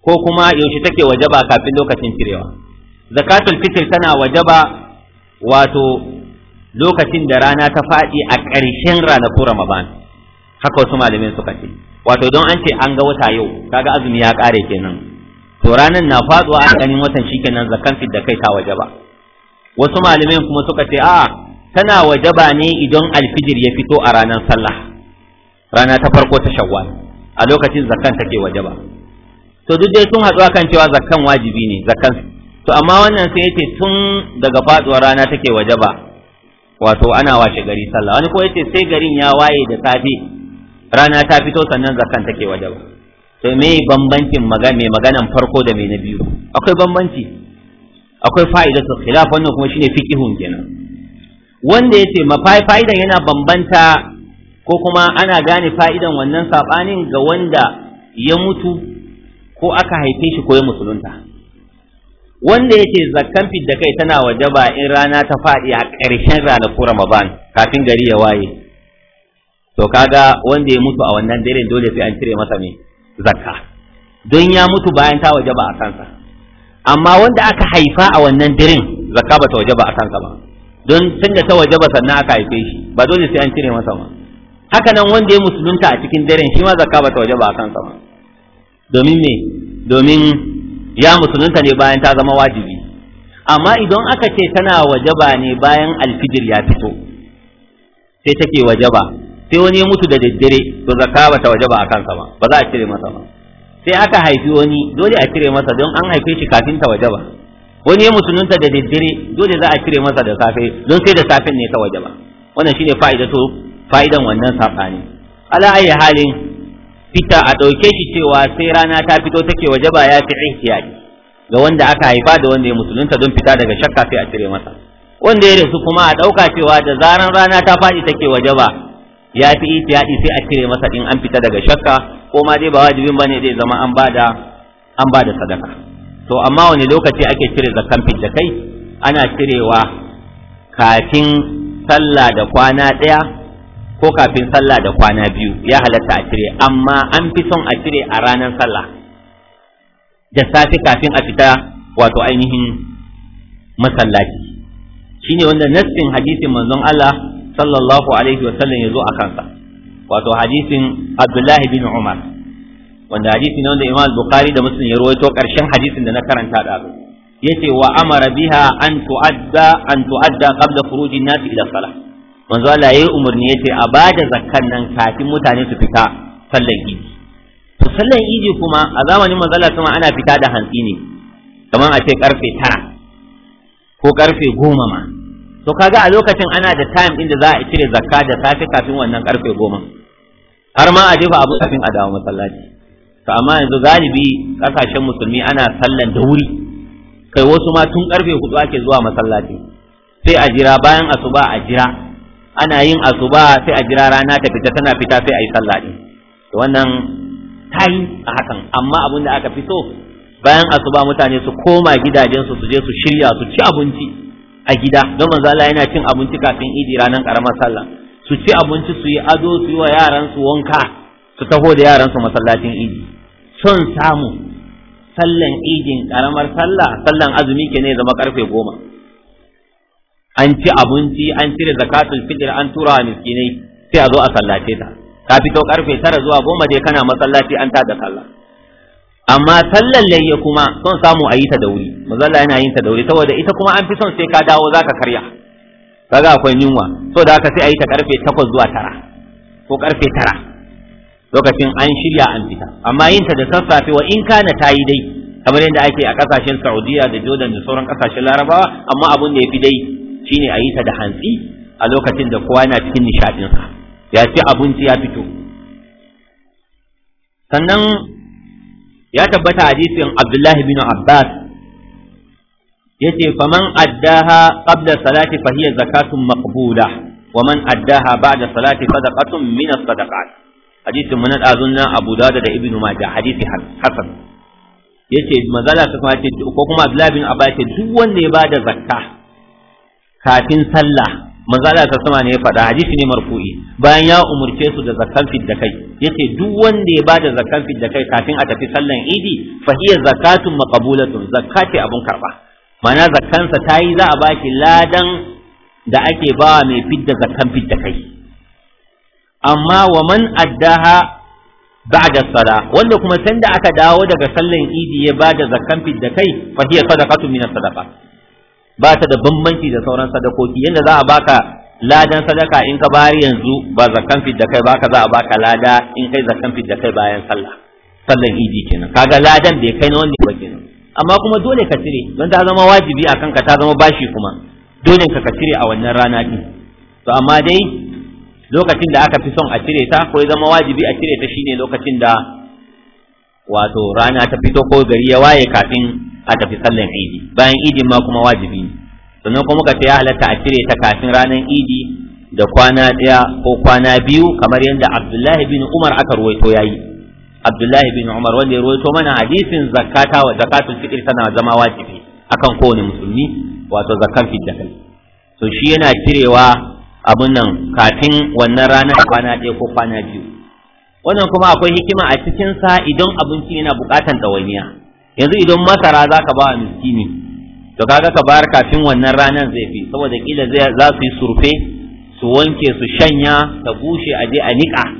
[SPEAKER 1] ko kuma yaushe take wajaba kafin lokacin cirewa zakatul fitr tana wajaba wato lokacin da rana ta faɗi a ƙarshen ranakun ramadan haka wasu malamin suka ce wato don an ce an ga wata yau kaga azumi ya ƙare kenan to ranar na faɗuwa a ganin watan shikenan zakan fidda kai ta wajaba wasu malamin kuma suka ce a tana wajaba ne idan alfijir ya fito a ranar sallah rana ta farko ta shawwal a lokacin zakkan take wajaba to duk dai sun haɗu kan cewa zakkan wajibi ne zakkan to amma wannan sai yace tun daga faduwar rana take wajaba wato ana washe gari sallah wani ko yace sai garin ya waye da safe rana ta fito sannan zakkan take wajaba to me bambancin magana me maganan farko da me na biyu akwai bambanci akwai fa'idatul khilaf wannan kuma shine fiqihun kenan wanda yace ma fa'idan yana bambanta ko kuma ana gane fa'idan wannan saɓanin ga wanda ya mutu ko aka haife shi ko ya musulunta wanda yace zakkan fidda kai tana wajaba in rana ta faɗi a ƙarshen ranakun Ramadan kafin gari ya waye to kaga wanda ya mutu a wannan dare dole sai an cire masa me zakka don ya mutu bayan ta wajaba a kansa amma wanda aka haifa a wannan dirin zakka ba ta wajaba a kansa ba don tun da ta wajaba sannan aka haife shi ba dole sai an cire masa ba. haka nan wanda ya musulunta a cikin dirin shi ma zakka ba ta wajaba a kansa ba domin me domin ya musulunta ne bayan ta zama wajibi amma idan aka ce tana wajaba ne bayan alfijir ya fito sai take wajaba sai wani ya mutu da daddare to zakka ba ta wajaba a kansa ba ba za a cire masa ba sai aka haifi wani dole a cire masa don an haife shi kafin ta waje ba wani ya musulunta da daddare dole za a cire masa da safe don sai da safen ne ta waje ba wannan shine fa'idato fa'idan wannan safani ala ayi halin fita a dauke shi cewa sai rana ta fito take waje ba ya fi ihtiyaji ga wanda aka haifa da wanda ya musulunta don fita daga shakka sai a cire masa wanda ya rasu kuma a dauka cewa da zaran rana ta faɗi take waje ba ya fi ihtiyaji sai a cire masa in an fita daga shakka ko ma dai ba wajibin bane zai zama an bada an bada sadaka to amma wani lokaci ake cire zakan fidda kai ana cirewa kafin sallah da kwana ɗaya ko kafin sallah da kwana biyu ya halatta a cire amma an fi son a cire a ranar sallah da safe kafin a fita wato ainihin masallaci shine wanda nassin hadisin manzon Allah sallallahu alaihi wa sallam yazo a kansa wato hadisin Abdullahi bin Umar wanda hadisi ne wanda Imam Bukhari da Muslim ya rawaito karshen hadisin da na karanta da abu yace wa amara biha an tu'adda an tu'adda qabla khuruj an-nas ila salah manzo Allah yayi umarni yace a bada zakkan nan kafin mutane su fita sallan idi to sallan idi kuma a zamanin manzo Allah kuma ana fita da hantsi ne kamar a ce karfe 9 ko karfe 10 ma to kaga a lokacin ana da time inda za a cire zakka da safe kafin wannan karfe 10 har ma a jefa abu kafin a dawo masallaci to amma yanzu galibi kasashen musulmi ana sallan da wuri kai wasu ma tun karfe hudu ake zuwa masallaci sai a jira bayan asuba a jira ana yin asuba sai a jira rana ta fita tana fita sai a yi sallah din to wannan tayi a hakan amma abin da aka fi so bayan asuba mutane su koma gidajensu su je su shirya su ci abinci a gida don manzo Allah yana cin abinci kafin idi ranar karamar sallah su ci abinci su yi ado su yi wa yaransu wanka su taho da yaransu masallacin idi son samu sallan idin karamar sallah sallan azumi ke ne zama karfe goma an ci abinci an cire zakatul fitr an tura miskinai sai a zo a sallace ta ka fito karfe tara zuwa goma dai kana masallaci an da sallah amma sallan layya kuma son samu a yi ta da wuri mazalla yana yin ta da wuri saboda ita kuma an fi son sai ka dawo zaka karya kaga akwai yunwa so da haka sai a yi ta karfe takwas zuwa tara ko karfe tara lokacin an shirya an fita amma yin ta da sassafe wa in kana tayi dai kamar yadda ake a kasashen saudiya da jordan da sauran kasashen larabawa amma abun da ya fi dai shine a yi ta da hantsi a lokacin da kowa yana cikin nishaɗinsa ya ci abinci ya fito sannan ya tabbata hadisin abdullahi bin abbas yace faman addaha qabla salati fa hiya zakatun maqbula wa man addaha ba'da salati sadaqatun min as-sadaqat hadisin mun dazunna Abu dada da Ibn Majah hadisi hasan yace mazala ta kuma ko kuma Abdullah bin Abbas duk wanda ya bada zakka kafin sallah mazala ta sama ne ya faɗa hadisi ne marfu'i bayan ya umurce su da zakkan da kai yace duk wanda ya bada zakkan da kai kafin a tafi sallan idi fa hiya zakatun maqbulatun zakati abun karba mana zakansa ta yi za a ba shi ladan da ake ba mai fidda zakan fidda kai amma wa man addaha ba'da sala wanda kuma sanda aka dawo daga sallan idi ya ba da zakan fidda kai fa hiya sadaqatu min sadaqa ba ta da bambanci da sauran sadakoki Yadda za a baka ladan sadaka in ka bari yanzu ba zakan fidda kai ba ka za a baka lada in kai zakan fidda kai bayan sallah sallan idi kenan kaga ladan bai kai na wanda ba kenan amma kuma dole ka cire don ta zama wajibi a kanka ta zama bashi kuma dole ka ka cire a wannan rana din to amma dai lokacin da aka fi son a cire ta ko zama wajibi a cire ta shine lokacin da wato rana ta fito ko gari ya waye kafin a tafi sallan idi bayan idi ma kuma wajibi ne sannan kuma muka ya halatta a cire ta kafin ranar idi da kwana ɗaya ko kwana biyu kamar yadda abdullahi bin umar aka ruwaito ya yi abdullahi bin umar wanda ya rawaito mana hadisin zakata wa zakatul fitr tana zama wajibi akan kowane musulmi wato zakan fidda to shi yana cirewa abun nan kafin wannan ranar kwana ɗaya ko kwana biyu wannan kuma akwai hikima a cikin sa idan abinci yana bukatan ɗawainiya yanzu idan masara zaka ba miskini to kaga ka bayar kafin wannan ranar zai fi saboda kila za su yi surfe su wanke su shanya ta bushe a je a niƙa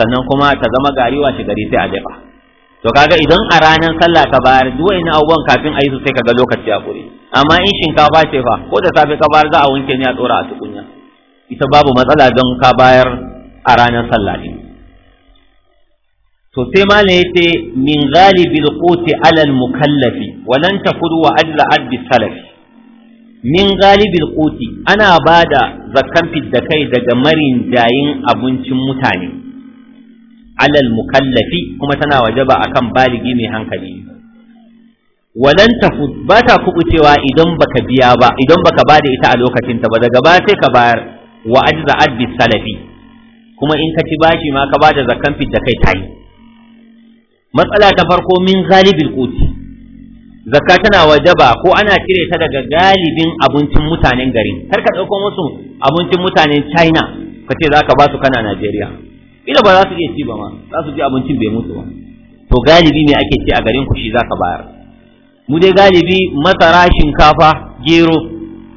[SPEAKER 1] sannan kuma ta zama gari washe gari sai a dafa to kaga idan a ranar sallah ka bayar duk wani abubuwan kafin a yi su sai kaga lokaci a kure amma in shinkafa ce fa ko da safe ka bayar za a wanke ne a tsora a tukunya ita babu matsala don ka bayar a ranar sallah ne to sai malam yace min ghalibil quti alal al mukallafi walan tafudu wa adla salafi min galibil quti ana bada zakkan fidda kai daga marin jayin abincin mutane alal mukallafi kuma tana wajaba akan baligi mai hankali walan tafud ba ta kubucewa idan baka biya ba idan baka bada ita a lokacin ta ba daga ba sai ka bayar wa ajza adbi salafi kuma in ka ci bashi ma ka bada zakkan fit da kai tayi matsala ta farko min ghalibil quti zakka tana wajaba ko ana cire ta daga galibin abincin mutanen gari kar ka dauko musu abincin mutanen China ka ce zaka ba su kana Najeriya ila ba za su iya ci ba ma za su ji abincin bai mutu ba to galibi me ake ci a garin ku shi zaka bayar mu dai galibi masara shinkafa gero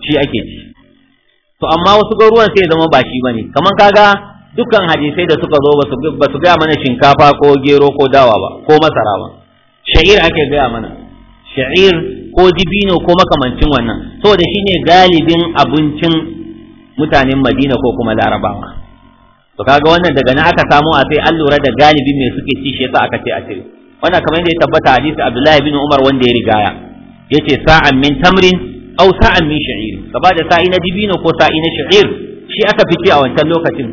[SPEAKER 1] shi ake ci to amma wasu garuruwan sai zama ba shi bane kamar kaga dukkan hadisai da suka zo ba su gaya mana shinkafa ko gero ko dawa ba ko masara ba sha'ir ake gaya mana sha'ir ko dibino ko makamancin wannan saboda shine galibin abincin mutanen madina ko kuma larabawa to kaga wannan daga nan aka samo a sai an lura da galibin me suke ci shi yasa aka ce a cire wannan kamar yadda ya tabbata hadisi Abdullahi bin Umar wanda ya rigaya yace sa'an min tamrin aw sa'an min sha'ir ka da sa'i na dibino ko sa'i na sha'ir shi aka fice a wancan lokacin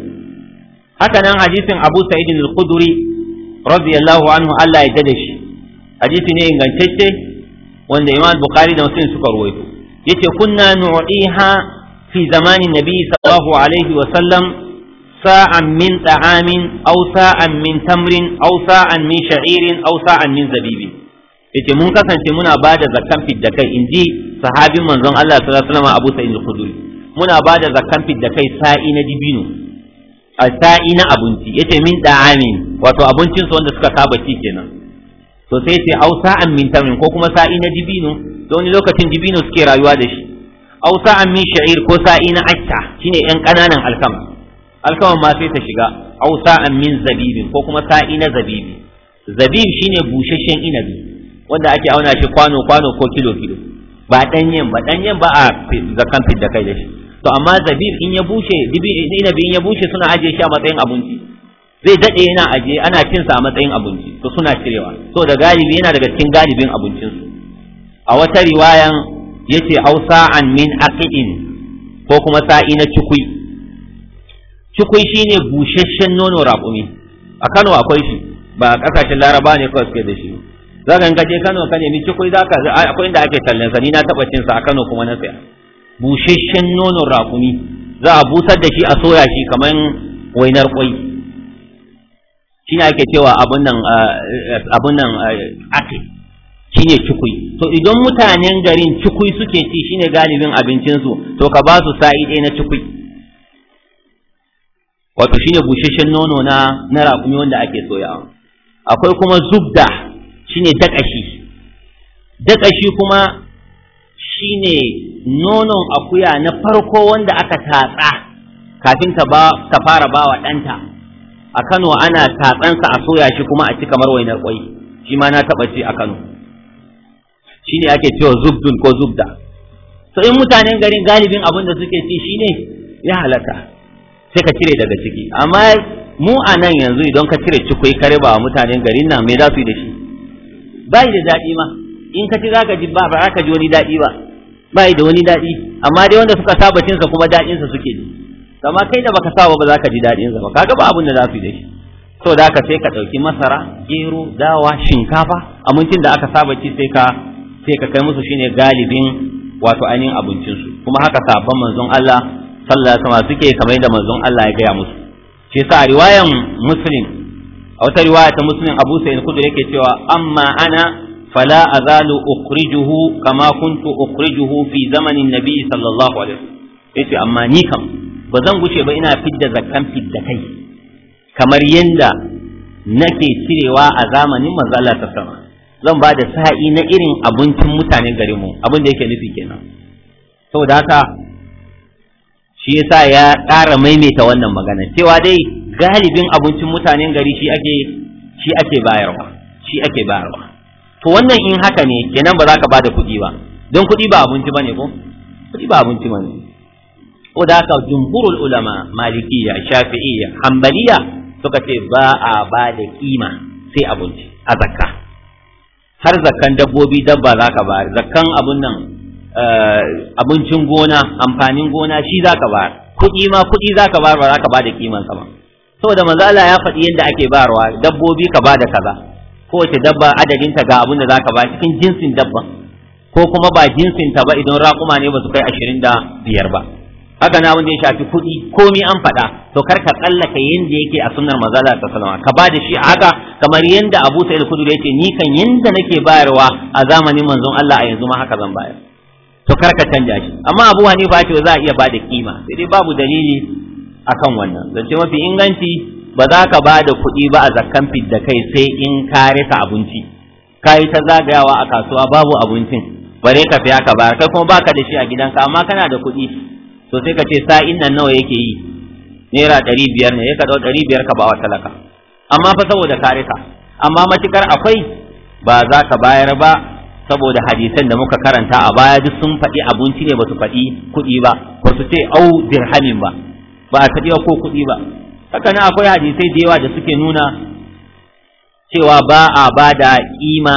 [SPEAKER 1] haka nan hadisin Abu Sa'id al-Khudri radiyallahu anhu Allah ya da shi hadisi ne ingantacce wanda Imam Bukhari da Muslim suka ruwaito yace kunna nu'iha fi zamanin Nabi sallallahu alaihi wa sallam sa'an min da'amin aw sa'an min tamrin aw sa'an min sha'irin aw sa'an min zabibi yace mun kasance muna ba da zakkan fidda kai in ji sahabin manzon Allah sallallahu alaihi wasallam Abu Sa'id al-Khudri muna ba da zakkan fidda kai sa'i na dibino a sa'i na abinci yace min da'amin wato abincin su wanda suka saba ci kenan to sai sai au sa'an min tamrin ko kuma sa'i na dibino don wani lokacin dibino suke rayuwa da shi au sa'an min sha'ir ko sa'i na acca shine yan kananan alkama alkawar ma sai ta shiga au sa'an min zabibin ko kuma sa'i na zabibi zabib shine bushashen inabi wanda ake auna shi kwano kwano ko kilo kilo ba danyen ba danyen ba a zakan fit da kai da shi to amma zabib in ya bushe inabi in ya bushe suna ajiye shi a matsayin abinci zai dade yana ajiye ana cin sa a matsayin abinci to suna cirewa to da galibi yana daga cikin galibin abincin su a wata riwayan yace au sa'an min aqidin ko kuma sa'i na cukui shi shine busasshen nono raƙumi a Kano akwai shi ba a ƙasashen Laraba ne kawai suke da shi za ka gaje Kano ka nemi cikui za ka akwai inda ake tallan sa ni na taɓa cin sa a Kano kuma na saya busasshen nono raƙumi za a busar da shi a soya shi kamar wainar kwai ne ake cewa abin nan ake? nan ake shine cikui to idan mutanen garin cikui suke ci shine galibin abincinsu to ka ba su sa'i na cikui wato shine busasshen nono na na rakumi wanda ake soyawa akwai kuma zubda shine dakashi dakashi kuma shine nonon akuya na farko wanda aka tatsa kafin ta ba ta fara bawa ɗanta a Kano ana tatsan sa a soya shi kuma a ci kamar wainar kwai shi ma na taɓa ci a Kano shine ake cewa zubdun ko zubda to in mutanen garin galibin abin da suke ci shine ya halaka sai ka cire daga ciki amma mu a nan yanzu idan ka cire cikoi ka wa mutanen garin nan me za su yi da shi yi da daɗi ma in ka ci za ka ji ba ba ka ji wani daɗi ba yi da wani daɗi amma dai wanda suka saba cinsa kuma daɗinsa suke ji kama kai da baka saba ba za ka ji daɗinsa ba kaga ba abin da za su yi da shi so da aka sai ka ɗauki masara gero dawa shinkafa abincin da aka saba ci sai ka sai ka kai musu shine galibin wato ainihin abincinsu kuma haka sabon manzon Allah sallallahu alaihi wasallam suke kamar da manzon Allah ya gaya musu shi sa riwayan muslim a wata riwaya ta muslim Abu Sa'id Khudri yake cewa amma ana fala azalu ukhrijuhu kama kuntu ukhrijuhu fi zamanin nabi sallallahu alaihi wasallam yace amma ni kam ba zan guce ba ina fidda zakkan fidda kai kamar yanda nake cirewa a zamanin manzo Allah ta sama zan ba da sa'i na irin abincin mutanen garinmu abin da yake nufi kenan saboda haka shi yasa ya ƙara maimaita wannan magana cewa dai galibin abincin mutanen gari shi ake shi ake bayarwa shi ake bayarwa to wannan in haka ne kenan ba za ka bada kuɗi ba don kuɗi ba abinci bane ko kuɗi ba abinci bane ko da haka jumhurul ulama malikiya shafi'iyya hanbaliya suka ce ba a bada kima sai abinci a zakka har zakkan dabbobi dabba za ka bayar zakkan abun nan Eh, abincin gona amfanin gona shi za ka bayar kuɗi ma kuɗi za bayar ba za ba da kiman sama ba saboda manzo ya faɗi yadda ake bayarwa dabbobi ka ba bada kaza kowace dabba adadin ta ga abin da za ka ba cikin jinsin dabban ko kuma ba jinsin ta ba idan raƙuma ne ba su kai ashirin da biyar ba haka na wanda ya shafi kuɗi komi an faɗa to kar ka tsallaka yadda yake a sunnar manzo Allah sallallahu alaihi ka da shi haka kamar yadda Abu Sa'id ya ce, ni kan yadda nake bayarwa a zamanin manzon Allah a yanzu ma haka zan bayar to kar ka canja shi amma abu ba ce za a iya bada kima sai dai babu dalili akan wannan zance mafi inganci ba za ka ba da kuɗi ba a zakkan fidda kai sai in ka rasa abinci ka yi ta zagayawa a kasuwa babu abincin bare ka fiya ka bayar kai kuma baka da shi a gidanka amma kana da kuɗi to sai ka ce sa'in nan nawa yake yi naira ɗari biyar ne ya ka ɗau ɗari biyar ka ba wa talaka amma fa saboda ka amma matukar akwai ba za ka bayar ba saboda hadisan da muka karanta a baya duk sun faɗi abinci ne ba su faɗi kuɗi ba ba su ce au dirhamin ba ba a faɗi ko kuɗi ba haka nan akwai hadisai da yawa da suke nuna cewa ba a ba da kima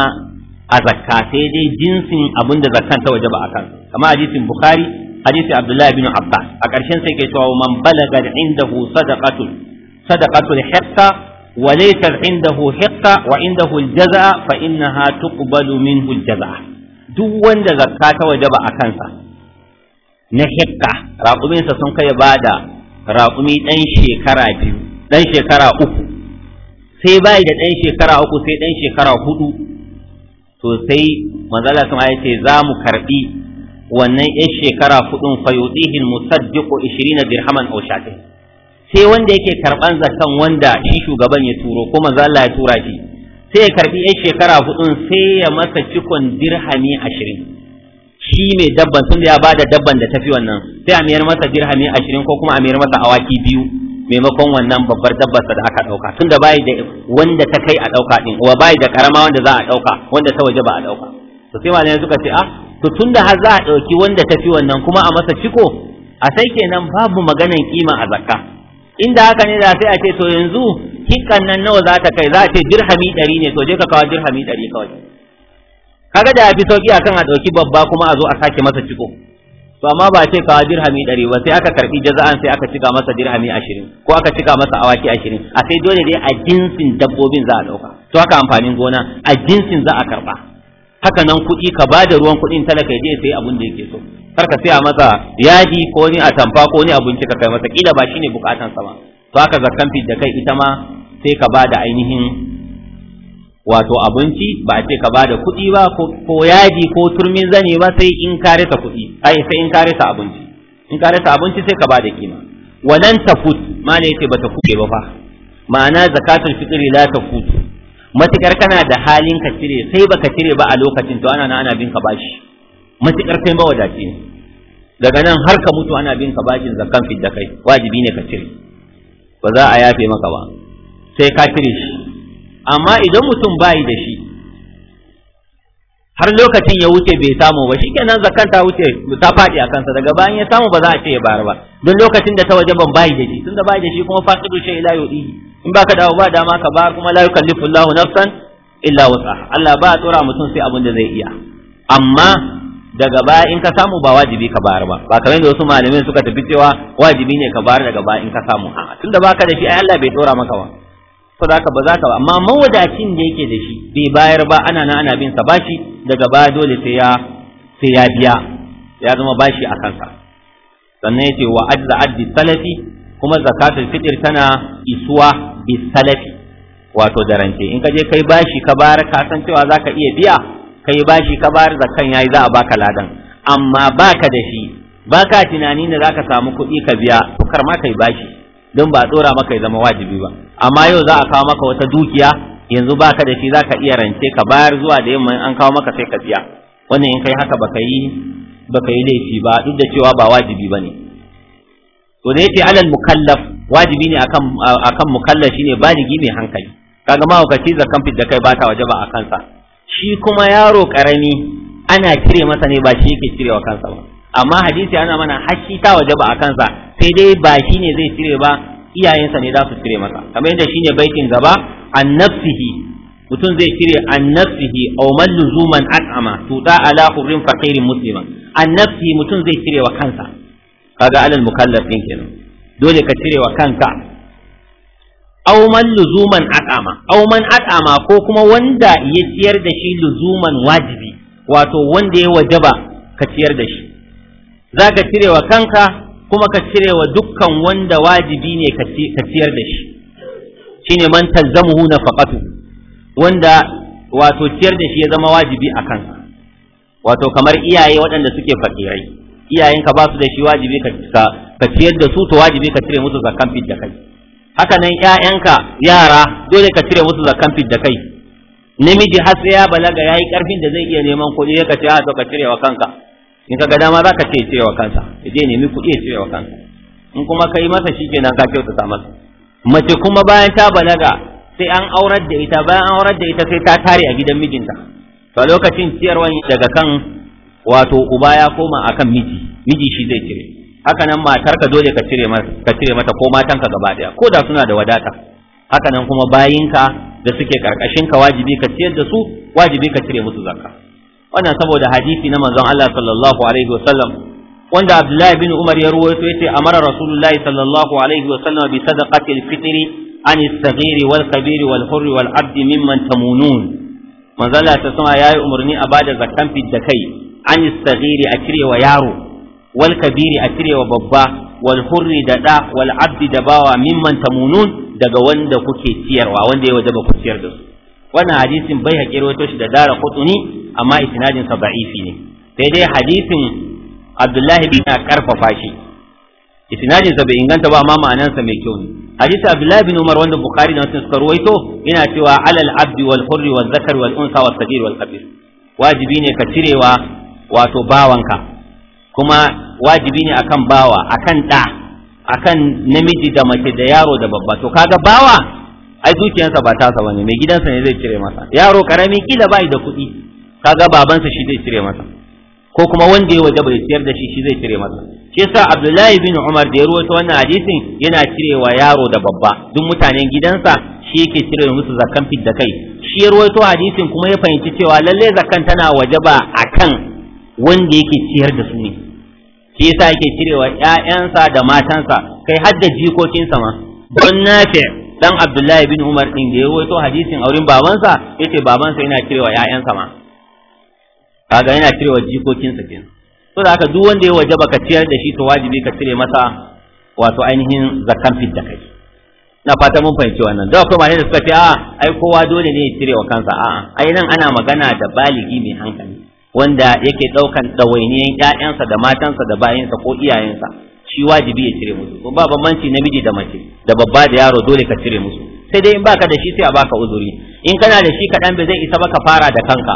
[SPEAKER 1] a zakka sai dai jinsin abin da zakkan ta waje ba a kan kamar hadisin bukhari hadisin abdullahi bin abbas a ƙarshen sai ke cewa man balaga indahu sadaqatul sadaqatul hiqqa وليس عنده حقة وعنده الجزاء فإنها تقبل منه الجزاء duk wanda zakka ta wajaba a kansa na hikka raƙuminsa sun kai ba da raƙumi ɗan shekara biyu ɗan shekara uku sai bai da ɗan shekara uku sai ɗan shekara hudu to sai manzala sama ce za mu karɓi wannan ɗan shekara hudun fayudihin musaddiqu 20 dirhaman aw shatin sai wanda yake karban zakan wanda shi shugaban ya turo ko manzo Allah ya tura shi sai ya karbi yan shekara hudun sai ya masa cikon dirhami ashirin shi mai dabban sun ya bada dabban da tafi wannan sai a mayar masa dirhami ashirin ko kuma a mayar masa awaki biyu maimakon wannan babbar dabbar da aka dauka da bai da wanda ta kai a dauka din wa bai da karama wanda za a dauka wanda ta waje ba a dauka to sai malamai suka ce ah to tun da har za a dauki wanda tafi wannan kuma a masa ciko a sai kenan babu maganan kima a zakka inda haka ne da sai a ce to yanzu hikkan nan nawa za ta kai za a ce dirhami ɗari ne to je ka kawo dirhami ɗari kawai kaga da fi sauki akan a ɗauki babba kuma a zo a sake masa ciko to amma ba a ce kawo dirhami ɗari ba sai aka karɓi jaza'an sai aka cika masa dirhami ashirin ko aka cika masa awaki ashirin a sai dole dai a jinsin dabbobin za a ɗauka to haka amfanin gona a jinsin za a karɓa haka nan kuɗi ka ba da ruwan kuɗin talaka je sai abin da yake so kar ka siya masa yadi ko ni tamfa ko ni abinci ka kai masa kila ba shine bukatan sa ba to haka zakkan fi da kai ita ma sai ka ba da ainihin wato abinci ba ce ka ba da kuɗi ba ko yadi ko turmin zane ba sai in ka rasa kuɗi ai sai in ka rasa abinci in ka rasa abinci sai ka ba da kima walan tafut ma ne yace ba ta kuɗe ba fa ma'ana zakatul fitri la tafut matukar kana da halin ka cire sai baka cire ba a lokacin to ana ana bin ka bashi matukar kai ba wadace ne daga nan har ka mutu ana bin ka bashin zakan fidda kai wajibi ne ka cire ba za a yafe maka ba sai ka cire shi amma idan mutum bayi da shi har lokacin ya wuce bai samu ba kenan zakan ta wuce ta faɗi a kansa daga bayan ya samu ba za a ce ya bayar ba don lokacin da ta waje ban bayi da shi tunda bayi da shi kuma fasidu shi ila yudi in ba ka dawo ba dama ka ba kuma la yukallifu Allahu nafsan illa wus'aha Allah ba tsora mutum sai abin da zai iya amma daga baya in ka samu ba wajibi ka bayar ba ba kamar da wasu malamai suka tafi cewa wajibi ne ka bayar daga baya in ka samu a tunda baka da shi ai Allah bai tsora maka ba to da ba za ka ba amma mawadacin da yake da shi bai bayar ba ana nan ana bin sa bashi daga baya dole sai ya sai ya biya ya zama bashi a kansa sannan yace wa ajza addi salafi kuma zakatul fitr tana isuwa bisalafi wato da rance in ka je kai bashi ka bayar ka san cewa zaka iya biya kai bashi ka bayar zakan yayi za a baka ladan amma baka da shi baka tunani ne zaka samu kuɗi ka biya to kar ma kai bashi don ba tsora maka ya zama wajibi ba amma yau za a kawo maka wata dukiya yanzu baka da shi zaka iya rance ka bayar zuwa da yamma an kawo maka sai ka biya wannan in kai haka baka yi baka yi laifi ba duk da cewa ba wajibi bane to da yake alal mukallaf wajibi ne akan Mukalla shi ne baligi mai hankali kaga mahaukaci zakan da kai ba ta ba a kansa shi kuma yaro karami ana cire masa ne ba shi yake cirewa kansa ba amma hadisi ana mana hashi ta wajaba kansa sai dai ba shi ne zai cire ba iyayensa ne za su cire masa kamar yadda shine baitin gaba an nafsihi mutum zai cire an nafsihi aw man luzuman at'ama tuda ala khubrin faqirin musliman an nafsihi mutum zai cire wa kansa kaga alal mukallaf din kenan dole ka cire wa kanka auman luzuman at'ama auman at'ama ko kuma wanda ya ciyar da shi luzuman wajibi wato wanda ya wajaba ka ciyar da shi za ka cire wa kanka kuma ka cire wa dukkan wanda wajibi ne ka ciyar da shi shine man talzamuhu nafaqatu wanda wato ciyar da shi ya zama wajibi a kansa wato kamar iyaye waɗanda suke fakirai iyayenka ba su da shi wajibi ka ka ciyar da su to wajibi ka cire musu zakan fit da kai haka nan ƴaƴanka yara dole ka cire musu zakan fit da kai namiji har sai ya balaga yayi karfin da zai iya neman kuɗi ya ka a ah, to ka cire wa kanka in ka ga dama za ka ce cire wa kansa ya je nemi kuɗi ya cire wa kansa in kuma ka yi masa nan ka kyautata masa mace kuma bayan ta balaga sai an aurar da ita bayan an aurar da ita sai ta tare a gidan mijinta to lokacin ciyarwan daga kan wato uba ya koma akan miji miji shi zai cire haka nan matarka dole ka cire mata ka cire mata ko matanka gaba daya ko da suna da wadata haka nan kuma bayinka da suke karkashin ka wajibi ka ciyar da su wajibi ka cire musu zakka wannan saboda hadisi na manzon Allah sallallahu alaihi wasallam wanda Abdullahi bin Umar ya ruwaito yace amara Rasulullahi sallallahu alaihi wasallam bi sadaqatil fitri an as-saghir wal kabir wal hurr wal abd mimman tamunun manzon ta sama yayi umurni a bada zakkan fit da kai an sagiri a cire wa yaro wal kabiri a cire wa babba wal hurri da da wal abdi da bawa mimman tamunun daga wanda kuke ciyarwa wanda ya wajaba ku ciyar da su wannan hadisin bai haƙi rawaito shi da dara kutuni amma isnadin sa da'ifi ne sai dai hadisin Abdullahi bin na karfafa shi isnadin sa bai inganta ba amma ma'anan sa mai kyau ne hadisi Abdullahi bin Umar wanda Bukhari da Muslim suka rawaito yana cewa alal abdi wal hurri wal zakar wal unsa was wal kabir wajibi ne ka cirewa wato bawanka kuma wajibi ne akan bawa akan ɗa akan namiji da mace da yaro da babba to kaga bawa ai zuciyarsa ba tasa bane mai gidansa ne zai cire masa yaro karami kila bai da kuɗi kaga babansa shi zai cire masa ko kuma wanda ya waje bai ciyar da shi shi zai cire masa shi yasa Abdullahi bin Umar da ya ruwaito wannan hadisin yana cirewa yaro da babba duk mutanen gidansa shi yake cire musu zakan fidda kai shi ya ruwaito hadisin kuma ya fahimci cewa lalle zakkan tana waje wajaba akan wanda yake ciyar da su ne shi yasa yake cirewa ƴaƴansa da matansa kai har da jikokinsa ma don nafi dan abdullahi bin umar din da ya wato hadisin auren babansa yace babansa yana cirewa ƴaƴansa ma kaga yana cirewa jikokinsa kenan to da haka duk wanda ya wajaba ka ciyar da shi to wajibi ka cire masa wato ainihin zakan fit da kai na fata mun fahimci wannan da akwai ne suka ce a ai kowa dole ne ya cire wa kansa a'a ai nan ana magana da baligi mai hankali wanda yake ɗaukan ɗawainiyan 'ya'yansa da matansa da bayansa ko iyayensa shi wajibi ya cire musu ko ba bambanci namiji da mace da babba da yaro dole ka cire musu sai dai in baka da shi sai a baka uzuri in kana da shi kaɗan bai zai isa ba ka fara da kanka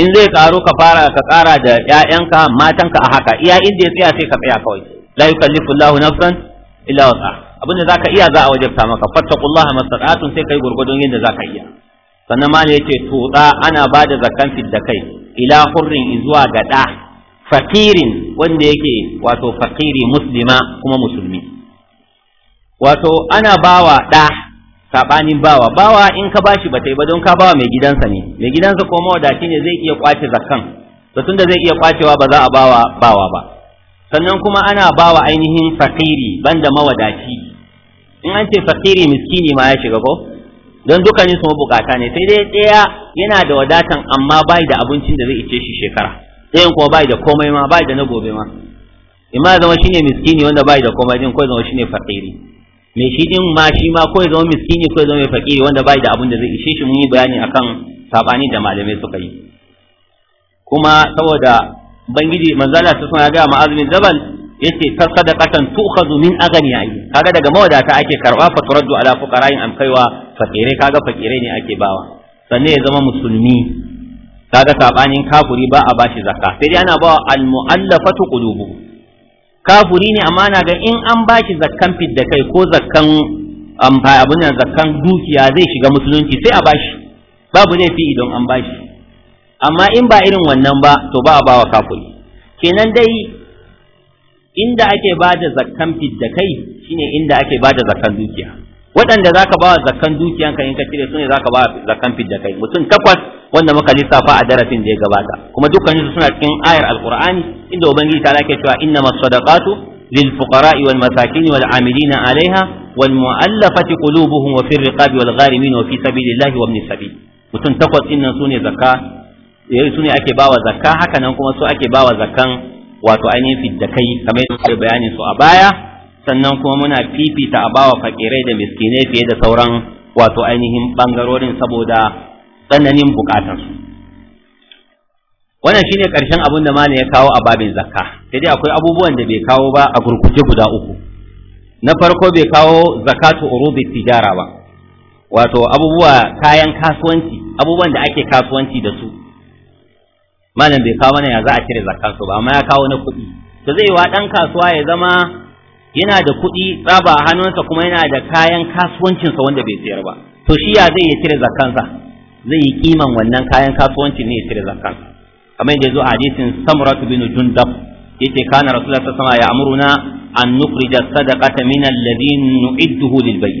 [SPEAKER 1] in zai karo ka fara ka ƙara da 'ya'yanka, matanka a haka iya inda ya tsaya sai ka tsaya kawai la yukallifu Allahu nafsan illa wasa abinda zaka iya za a wajabta maka fattaqullaha mastata'atun sai kai gurgudun yadda zaka iya sannan ma ne yace tuɗa ana ba da zakan fidda kai ila hurrin zuwa ga ɗa fakirin wanda yake wato fakiri muslima kuma musulmi wato ana bawa ɗa sabanin bawa bawa in ka bashi ba ta yi ba don ka bawa mai gidansa ne mai gidansa ko mawadaci ne zai iya kwace zakan to tunda zai iya kwacewa ba za a bawa bawa ba sannan kuma ana bawa ainihin fakiri banda mawadaci in an ce fakiri miskini ma ya shiga ko don dukkanin sun bukata ne sai dai ɗaya yana da wadatan amma bai da abincin da zai ice shi shekara ɗayan kuma bai da komai ma bai da na gobe ma imma zama shine miskini wanda bai da komai din ko zama shine fakiri me shi din ma shi ma ko zama miskini ko zama fakiri wanda bai da abin da zai ishe shi mun yi bayani akan sabani da malamai suka yi kuma saboda bangiji manzala ta suna ga ma'azumin zabal yace sadaqatan tu'khadhu min aghniyai kaga daga mawadata ake karba fa turaddu ala fuqara'in am kaiwa fakirai kaga fakirai ne ake bawa sannan ya zama musulmi kaga sabanin kafuri ba a bashi zakka sai dai ana bawa almu'allafatu qulubu kafuri ne amma na ga in an bashi zakkan fidda kai ko zakkan abun nan zakkan dukiya zai shiga musulunci sai a bashi babu fi idan an bashi amma in ba irin wannan ba to ba a bawa kafuri kenan dai inda ake bada zakkan fidda kai shine inda ake bada zakkan dukiya waɗanda zaka ba zakkan dukiyanka in ka cire su ne ka ba zakkan fidda kai mutum takwas wanda muka lissafa a darasin da ya gabata kuma dukkanin su suna cikin ayar alqur'ani inda ubangiji ta lake cewa inna sadaqatu lil fuqara'i wal masakin wal amilina alaiha wal mu'allafati qulubuhum wa fil riqabi wal gharimin wa fi sabilillahi wa ibn sabil mutum takwas din nan ne zakka eh, su ne ake bawa zakka haka nan kuma su ake bawa zakkan wato ainihin fidda kai kamar yadda bayanin su a baya sannan kuma muna fifita a bawa fakirai da miskinai fiye da sauran wato ainihin bangarorin saboda tsananin su. wannan shine karshen abin da malam ya kawo a babin zakka sai dai akwai abubuwan da bai kawo ba a gurguje guda uku na farko bai kawo zakatu urudi tijara ba wato abubuwa kayan kasuwanci abubuwan da ake kasuwanci da su malam bai kawo mana ya za a cire su ba amma ya kawo na kuɗi to zai wa ɗan kasuwa ya zama yana da kuɗi tsaba a hannunsa kuma yana da kayan kasuwancinsa wanda bai sayar ba to shi ya zai yi cire zakansa zai yi kiman wannan kayan kasuwancin ne ya cire zakansa kamar yadda zo a hadisin samuratu bin jundab yace kana rasulullahi sallallahu alaihi wasallam ya amuruna an nukhrija sadaqata min alladhin nu'idduhu lil bayt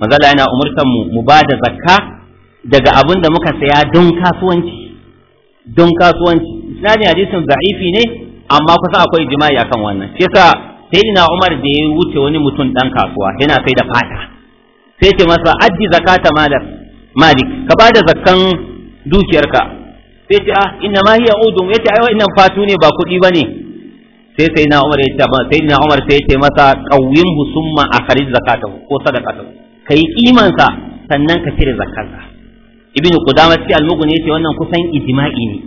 [SPEAKER 1] mazala yana umurtan mu mu ba da zakka daga abin da muka saya don kasuwanci don kasuwanci isnadin hadisin da'ifi ne amma kusan akwai jima'i akan wannan shi yasa ina Umar da ya wuce wani mutum dan kasuwa yana sai da fata sai ce masa addi zakata malak malik ka bada zakkan dukiyarka sai ce ah inna ma hiya udum yace ai ina fatu ne ba kuɗi bane sai sai na Umar yace ba sai na Umar sai yace masa qawwim summa akhrij zakata ko sadaqatahu kai iman sa sannan ka cire zakarsa ibnu qudamah ci al yace wannan kusan ijma'i ne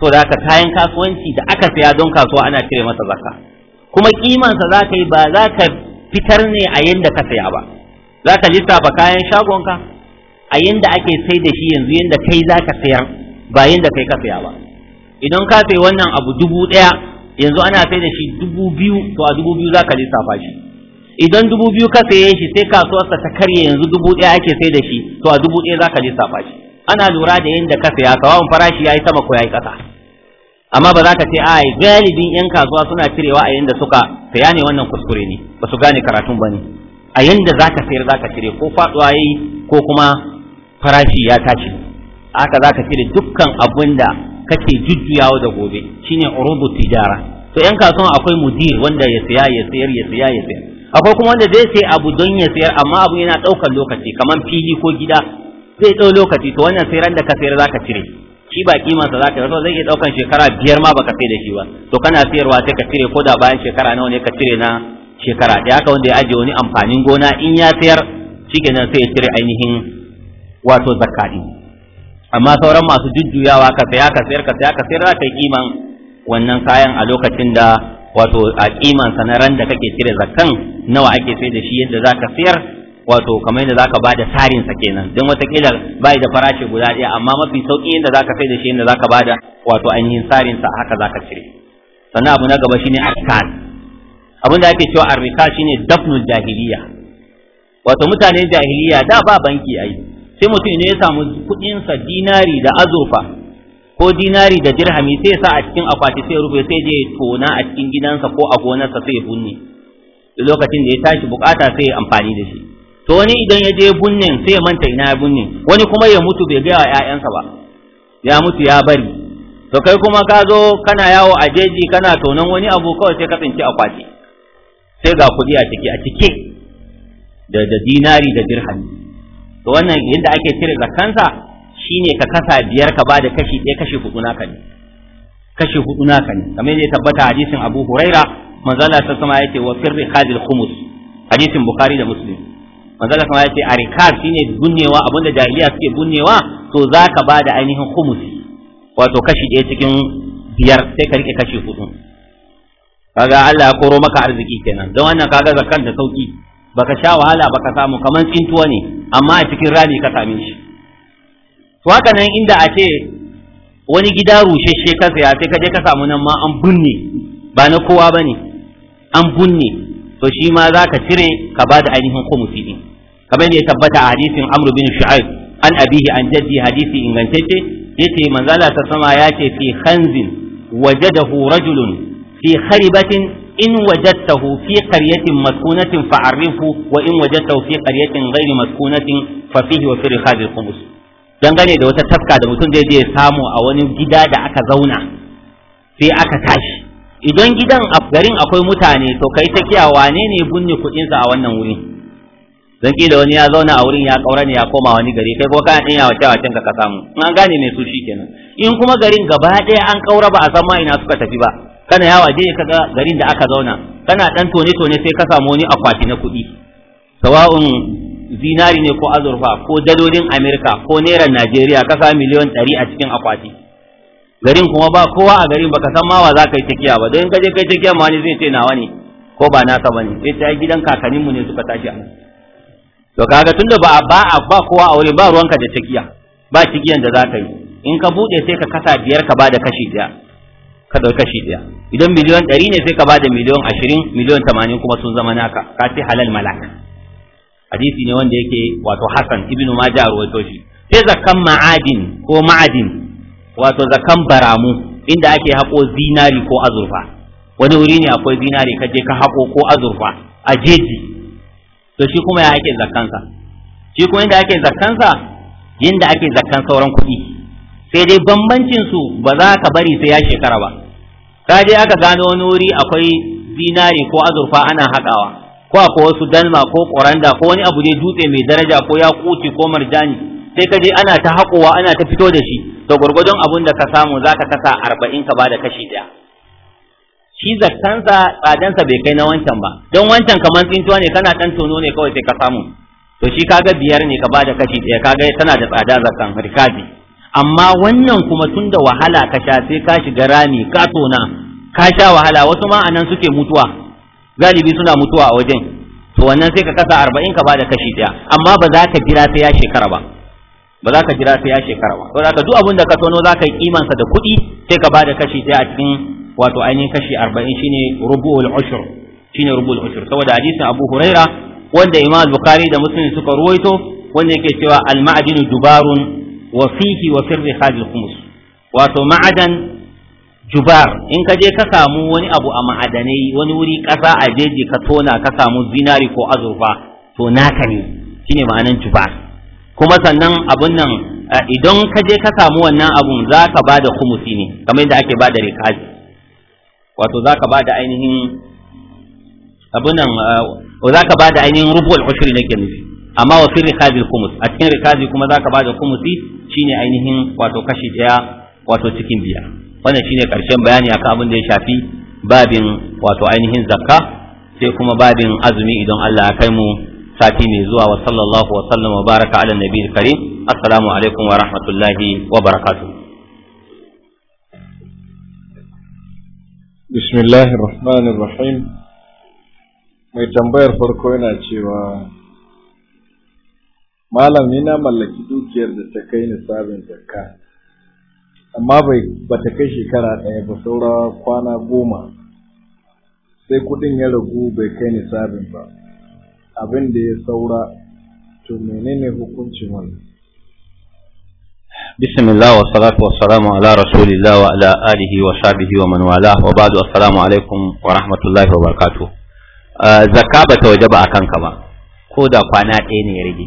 [SPEAKER 1] to da haka kayan kasuwanci da aka saya don kasuwa ana cire masa zakka kuma kimansa za ka yi ba za ka fitar ne a yadda ka saya ba za ka lissafa kayan shagonka a yadda ake sai da shi yanzu yadda kai za ka sayar ba yadda kai ka saya ba idan ka sai wannan abu dubu ɗaya yanzu ana sai da shi dubu biyu to a dubu biyu za ka lissafa shi idan dubu biyu ka saye shi sai kasuwarsa ta karye yanzu dubu ɗaya ake sai da shi to a dubu ɗaya za ka lissafa shi ana lura da yadda ka saya sawa'un farashi ya yi sama ko ya yi ƙasa amma ba za ka ce ai galibin yan kasuwa suna cirewa a yanda suka saya ne wannan kuskure ne ba su gane karatun ba ne a yanda za ka sayar za ka cire ko faɗuwa yi ko kuma farashi ya tashi haka za ka cire dukkan abin da kake jujjuyawa da gobe shine urubu tijara to yan kasuwa akwai mudir wanda ya saya ya sayar ya saya ya sayar akwai kuma wanda zai sai abu don ya sayar amma abu yana ɗaukar lokaci kamar fili ko gida zai ɗau lokaci to wannan sayar da ka sayar za ka cire shi ba kima za zaka rasa zai iya ɗaukan shekara biyar ma baka kai da shi ba to kana siyarwa sai ka cire ko da bayan shekara nawa ne ka cire na shekara da haka wanda ya ajiye wani amfanin gona in ya sayar shikenan sai ya cire ainihin wato zakka amma sauran masu jujjuyawa ka saya ka sayar ka saya ka sayar za ka yi kiman wannan kayan a lokacin da wato a kiman sanaran da kake cire zakkan nawa ake sai da shi yadda za ka sayar wato kamar yadda zaka bada tarin sa kenan don kila bai da farashi guda ɗaya amma mafi sauki yadda zaka sai da shi inda zaka bada wato ainihin tarin sa haka zaka cire sannan abu na gaba shine arkan abinda ake cewa arrika shine dafnul jahiliya wato mutanen jahiliya da ba banki ai sai mutum ne ya samu kuɗin sa dinari da azofa ko dinari da dirhami sai sa a cikin akwati sai rufe sai je tona a cikin gidansa ko a gonarsa sai ya bunne lokacin da ya tashi bukata sai ya amfani da shi to wani idan ya je bunnin sai ya manta ina ya bunne wani kuma ya mutu bai gaya wa 'ya'yansa ba ya mutu ya bari to kai kuma ka zo kana yawo a jeji kana tonon wani abu kawai sai ka tsinci akwati sai ga kuɗi a ciki a cike da da dinari da dirham to wannan yadda ake cire zakansa shine ka kasa biyar ka bada kashi ɗaya kashi hudu naka ne kashi hudu naka ne kamar yadda ya tabbata hadisin Abu Huraira manzo Allah sallallahu alaihi wasallam wa firri khadil khumus hadisin Bukhari da Muslim manzala kuma ya ce a rikab shine bunnewa abinda jahiliya suke bunnewa to zaka ba da ainihin khumus wato kashi ɗaya cikin biyar sai ka rike kashi hudu kaga Allah ya koro maka arziki kenan don wannan kaga zakan da sauki baka sha wahala baka samu kaman tsintuwa ne amma a cikin rami ka same shi to haka nan inda a ce wani gida rusheshe ka saya sai ka je ka samu nan ma an bunne ba na kowa bane an bunne to shi ma za ka cire ka ba da ainihin kumusi din kamar yadda ya tabbata a hadisin amru bin shu'aib an abihi an jaddi hadisi ingantacce yace manzo Allah ta sama ya ce fi khanzin wajadahu rajulun fi kharibatin in wajadtahu fi qaryatin maskunatin fa'arrifu wa in wajadtahu fi qaryatin ghairi maskunatin fa fihi wa fi rikhadil khubus dangane da wata tafka da mutum zai je ya samu a wani gida da aka zauna sai aka tashi idan gidan a garin akwai mutane to kai ta kiya wane ne bunne kuɗinsa a wannan wuri don da wani ya zauna a wurin ya kaura ne ya koma wani gari kai kuma kana ɗanya wace wacen ka samu in an gane mai su kenan in kuma garin gaba ɗaya an kaura ba a san ma ina suka tafi ba kana yawa je ka ga garin da aka zauna kana dan tone tone sai ka samu wani akwati na kuɗi sawa'un zinari ne ko azurfa ko dalolin amerika ko naira najeriya kasa miliyon ɗari a cikin akwati garin kuma ba kowa a garin baka san ma wa za ka yi tafiya ba don ka je kai tafiya ma wani zai ce nawa ne ko ba nasa ba ne sai ta gidan kakanninmu ne suka tashi to kaga tunda ba ba ba kowa a wurin ba ruwanka da tsakiya ba tsakiyan da ka yi in ka bude sai ka kasa biyar ka bada kashi daya ka dauki kashi daya idan miliyon 100 ne sai ka bada miliyon 20 miliyon 80 kuma sun zama naka ka ci halal malaka hadisi ne wanda yake wato Hassan ibnu Majah rawaito shi sai zakan ma'adin ko ma'adin wato zakan baramu inda ake hako zinari ko azurfa wani wuri ne akwai zinari ka je ka hako ko azurfa a jeji to shi kuma ya ake zakkansa shi kuma inda ake zakkansa yinda ake zakkan sauran kuɗi sai dai bambancin su ba za ka bari sai ya shekara ba ka je aka gano wani wuri akwai zinari ko azurfa ana haƙawa ko akwai wasu dalma ko ƙoranda ko wani abu dai dutse mai daraja ko ya kuti ko marjani sai ka je ana ta haƙowa ana ta fito da shi to gwargwadon abun da ka samu za ka kasa arba'in ka ba da kashi ɗaya shi zakansa tsadansa bai kai na wancan ba don wancan kamar tsintuwa ne kana dan tono ne kawai sai ka samu to shi kaga biyar ne ka bada kashi ɗaya kaga tana da tsada zakan rikabi amma wannan kuma tun da wahala ka sha sai ka shiga rami ka tona ka sha wahala wasu ma anan suke mutuwa galibi suna mutuwa a wajen to wannan sai ka kasa arba'in ka bada kashi ɗaya amma ba za ka jira sai ya shekara ba ba za ka jira sai ya shekara ba to za ka duk abin da ka tono za ka yi kimansa da kuɗi sai ka bada kashi ɗaya a cikin wato ainihin kashi arba'in shine rubu'ul ushur shine rubu'ul ushur saboda hadisin abu huraira wanda imam bukhari da muslim suka ruwaito wanda yake cewa al ma'adinu dubarun wa fihi wa firri wato ma'adan jubar in ka je ka samu wani abu a ma'adanai wani wuri ƙasa a jeji ka tona ka samu zinari ko azurfa to naka ne shine ma'anan jubar kuma sannan abun nan idan ka je ka samu wannan abun za ka ba da kumusi ne kamar yadda ake ba da rikazi wato zaka ba da ainihin abunan uh, zaka ba da ainihin rubul ushri na nufi amma wa fi rikazi kumus a cikin rikazi kuma zaka ba da kumusi shine ainihin wato kashi daya wato cikin biya wannan shine karshen bayani akan abin da ya shafi babin wato ainihin zakka sai kuma babin azumi idan Allah ya kai mu sati mai zuwa wa sallallahu wa sallama baraka ala nabiyil karim assalamu alaikum wa rahmatullahi wa barakatuh
[SPEAKER 2] bismillahir rahmanir rahim mai tambayar farko yana cewa malam ni na mallaki dukiyar da ta kai nisabin zakka amma bai bata kai shekara ɗaya ba saura kwana goma sai kudin ya ragu bai kai nisabin ba abin da ya saura to menene hukuncin wannan
[SPEAKER 1] بسم الله والصلاة والسلام على رسول الله وعلى آله وصحبه ومن والاه وبعد السلام عليكم ورحمة الله وبركاته زكاة توجب أكن كما كودا قناة إني يريدي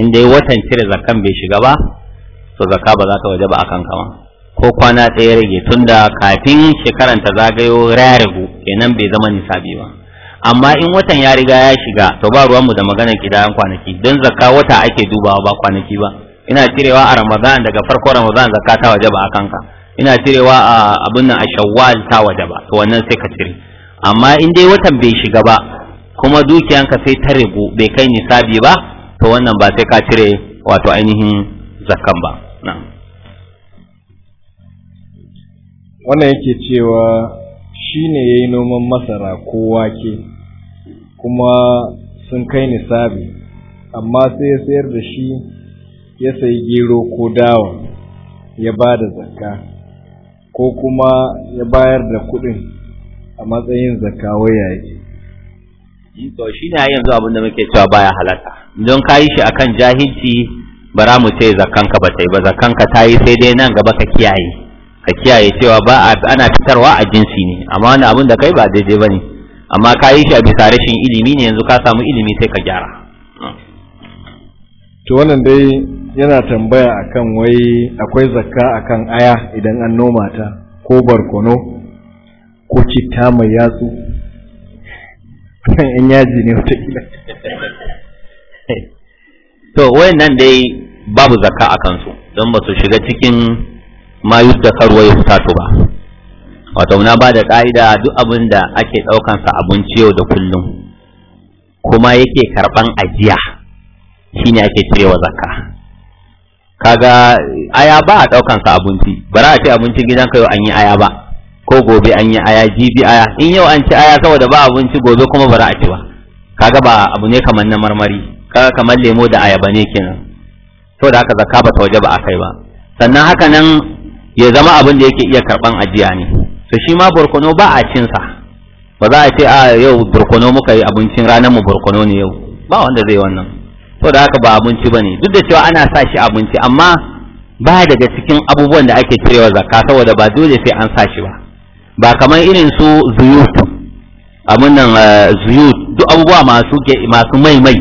[SPEAKER 1] إن دي وطن سير زكاة بيشغبا تو زكاة بذات وجب أكن كما ko kwana ɗaya rage tun da kafin shekaran ta zagayo ya kenan bai zama nisabi ba amma in watan ya riga ya shiga to ba ruwanmu da maganar kidayan kwanaki don zakka wata ake dubawa ba kwanaki ba ina cirewa a ramadan daga farko ramadan zakka ta wajaba a kanka ina cirewa a abin nan a shawwal ta wajaba to wannan sai ka cire amma in dai watan bai shiga ba kuma dukiyanka sai ta rigu bai kai nisabi ba to wannan ba sai ka cire wato ainihin zakkan ba
[SPEAKER 2] wannan yake cewa shi ne ya yi noman masara ko wake kuma sun kai nisabi amma sai ya sayar da shi ya sayi gero ko dawa ya ba da zakka ko kuma ya bayar da kuɗin a matsayin zakka waya yake
[SPEAKER 1] to shi ne yanzu abin da muke cewa baya halatta don ka yi shi akan jahilci bara mu ce zakkanka ba ta yi ba zakkanka ta yi sai dai nan gaba ka kiyaye ka kiyaye cewa ba ana fitarwa a jinsi ne amma wani abin da kai ba daidai ba ne amma ka yi shi a bisa rashin ilimi ne yanzu ka samu ilimi sai ka gyara
[SPEAKER 2] to wannan dai yana tambaya akan wai akwai zakka akan aya idan an noma ta ko barkono ko citta mai yatsu in yaji ne watakila
[SPEAKER 1] to wayannan dai babu zakka a kansu don ba su shiga cikin ma karuwa ya fitato ba wato na ba da ƙa'ida duk abin da ake sa abinci yau da kullum kuma yake karɓan ajiya shine ake cirewa zakka kaga aya ba a ɗaukan sa abinci bara a ce abincin gidan ka yau an yi aya ba ko gobe an yi aya jibi aya in yau an ci aya saboda ba abinci gobe kuma bara a ci ba kaga ba abu ne kamar na marmari kaga kamar lemo da ayaba ne kenan saboda haka zakka ba ta waje ba a kai ba sannan haka nan ya zama abin da yake iya karban ajiya ne to shi ma burkuno ba a cin sa ba za a ce a ah, yau burkuno muka yi abincin ranar mu burkuno ne yau ba wanda zai wannan to da haka ba abinci ba ne duk da cewa ana sa shi abinci amma ba daga cikin abubuwan da ake cirewa zakka saboda ba dole sai an sa shi ba ba kamar irin su zuyut abin nan eh, zuyut duk abubuwa masu masu mai mai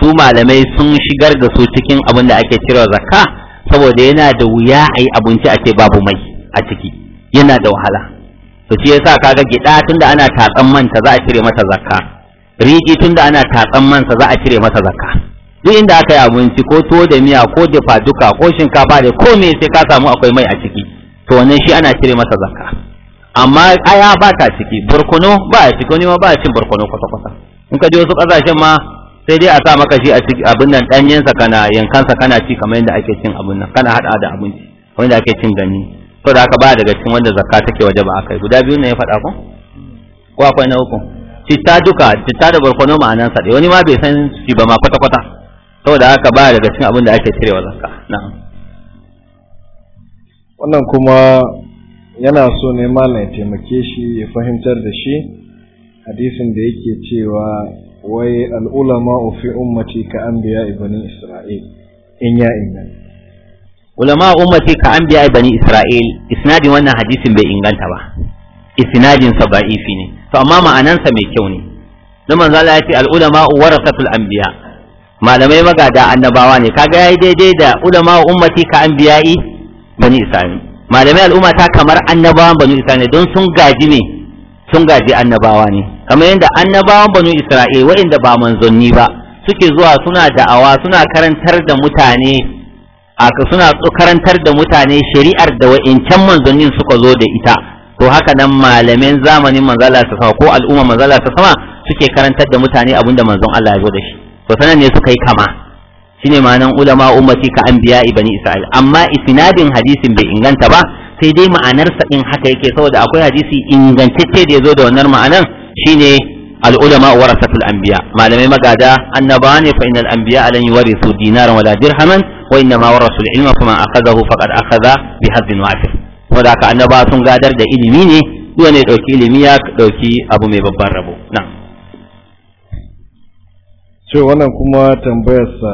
[SPEAKER 1] su malamai sun shigar da su cikin abin da ake cirewa zakka saboda yana da wuya a yi abinci ake babu mai a ciki yana da wahala to shi yasa kaga gida tunda ana tatsan manta za a cire mata zakka riƙi tun da ana tatsan mansa za a cire masa zakka duk inda aka yi abinci ko tuwo da miya ko dafa duka ko shinkafa da ko me sai ka samu akwai mai a ciki to wannan shi ana cire masa zakka amma aya ba ta ciki barkono ba a ciki wani ma ba a cin barkono kwata-kwata in ka je wasu ƙasashen ma sai dai a sa maka shi a ciki abin nan ɗanyensa kana yankansa kana ci kamar yadda ake cin abin nan kana haɗa da abinci kamar yadda ake cin gani to da aka ba daga cikin wanda zakka take waje ba a kai guda biyu ne ya faɗa ko ko akwai na uku citta duka citta da barkono ma'anan sa wani ma bai san shi ba ma kwata kwata saboda haka ba daga cikin abin da ake cirewa zakka na'am
[SPEAKER 2] wannan kuma yana so ne malam ya taimake shi ya fahimtar da shi hadisin da yake cewa wai al'ulama fi ummati ka anbiya bani isra'il in ya inna
[SPEAKER 1] ulama ummati ka anbiya bani isra'il isnadin wannan hadisin bai inganta ba isnadin sa da'ifi ne to amma ma'anansa mai kyau ne na Allah ya ce al'ulama warasatul anbiya malamai magada annabawa ne kaga yayi daidai da ulama ummati ka anbiya'i bani isra'il malamai al'umma ta kamar annabawan bani isra'il don sun gaji ne sun gaji annabawa ne kamar yadda annabawan bani isra'il waɗanda ba manzanni ba suke zuwa suna da'awa suna karantar da mutane aka suna karantar da mutane shari'ar da wa'incan manzannin suka zo da ita to haka nan malamin zamanin manzala ta sama ko al'umma manzala ta sama suke karantar da mutane abin da manzon Allah ya zo da shi to sanan ne suka yi kama shine ma'anan ulama ummati ka anbiya bani isra'il amma isnadin hadisin bai inganta ba sai dai ma'anar sa din haka yake saboda akwai hadisi ingantacce da ya zo da wannan ma'anan shine al-ulama warasatul anbiya malamai magada annabawa ne fa innal anbiya alan yuwarisu dinaran wala dirhaman wa innama warasul ilma faman akhadahu faqad akhadha bihadin wa'fir saboda haka annaba sun gadar da ilimi ne duwa ne dauki ilimi ya ɗauki abu mai babban rabo na
[SPEAKER 2] ce wannan kuma tambayarsa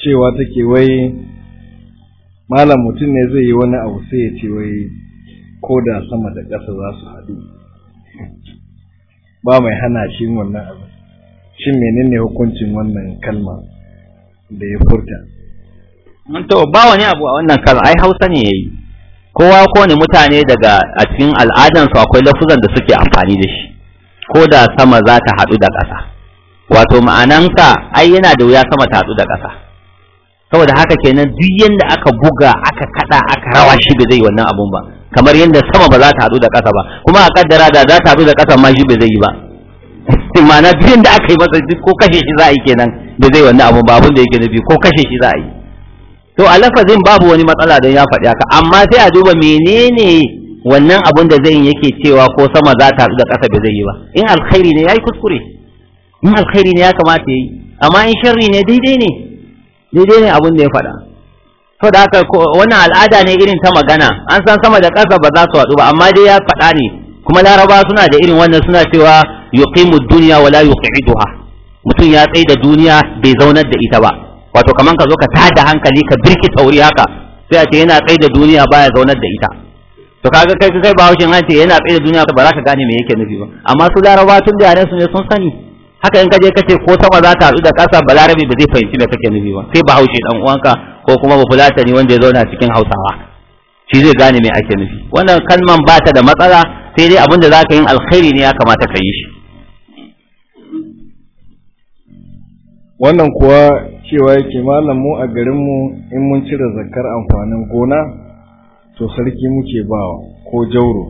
[SPEAKER 2] cewa take wai malam mutum ne zai yi wani abu sai ya ce wai ko da sama da ƙasa za su haɗu ba mai hana shi wannan abu shin menene hukuncin wannan kalma da ya furta
[SPEAKER 1] to ba wani abu a wannan kalma ai hausa ne ya yi. kowa ko ne mutane daga a cikin al'adansu akwai lafuzan da suke amfani da shi ko da sama za ta haɗu da ƙasa wato ma'anansa ai yana da wuya sama ta haɗu da ƙasa saboda haka kenan duk yanda aka buga aka kaɗa aka rawa shi ba zai wannan abun ba kamar yanda sama ba za ta haɗu da ƙasa ba kuma a kaddara da za ta haɗu da ƙasa ma shi ba zai yi ba ma'ana duk yanda aka yi masa ko kashe shi za a yi kenan ba zai wannan abun ba abun da yake nufi ko kashe shi za a yi to a lafazin babu wani matsala don ya faɗi haka amma sai a duba menene wannan abun da zai yake cewa ko sama za ta da ƙasa bai zai yi ba in alkhairi ne yi kuskure in alkhairi ne ya kamata ya yi, amma in sharri ne daidai ne daidai ne abun da ya faɗa to da haka wannan al'ada ne irin ta magana an san sama da ƙasa ba za su haɗu ba amma dai ya faɗa ne kuma laraba suna da irin wannan suna cewa yuqimud dunya wala yuqiduha mutum ya tsaida duniya bai zaunar da ita ba wato kaman ka zo ka tada hankali ka birki tauri haka sai a ce yana tsaye da duniya baya zaunar da ita to kaga kai kai ba an hanci yana tsaye da duniya ba za ka gane me yake nufi ba amma su laraba tun da yaran su ne sun sani haka in ka je ka ce ko sama za ta haɗu da ƙasa larabi ba zai fahimci me kake nufi ba sai bahaushe dan uwanka ko kuma ne wanda ya zauna cikin hausawa shi zai gane me ake nufi wannan kalman ba ta da matsala sai dai abin da za ka yi alkhairi ne ya kamata ka yi shi
[SPEAKER 2] wannan kuwa cewa yake malam mu a garinmu in mun cire zakar amfanin gona to sarki muke bawa ko jauro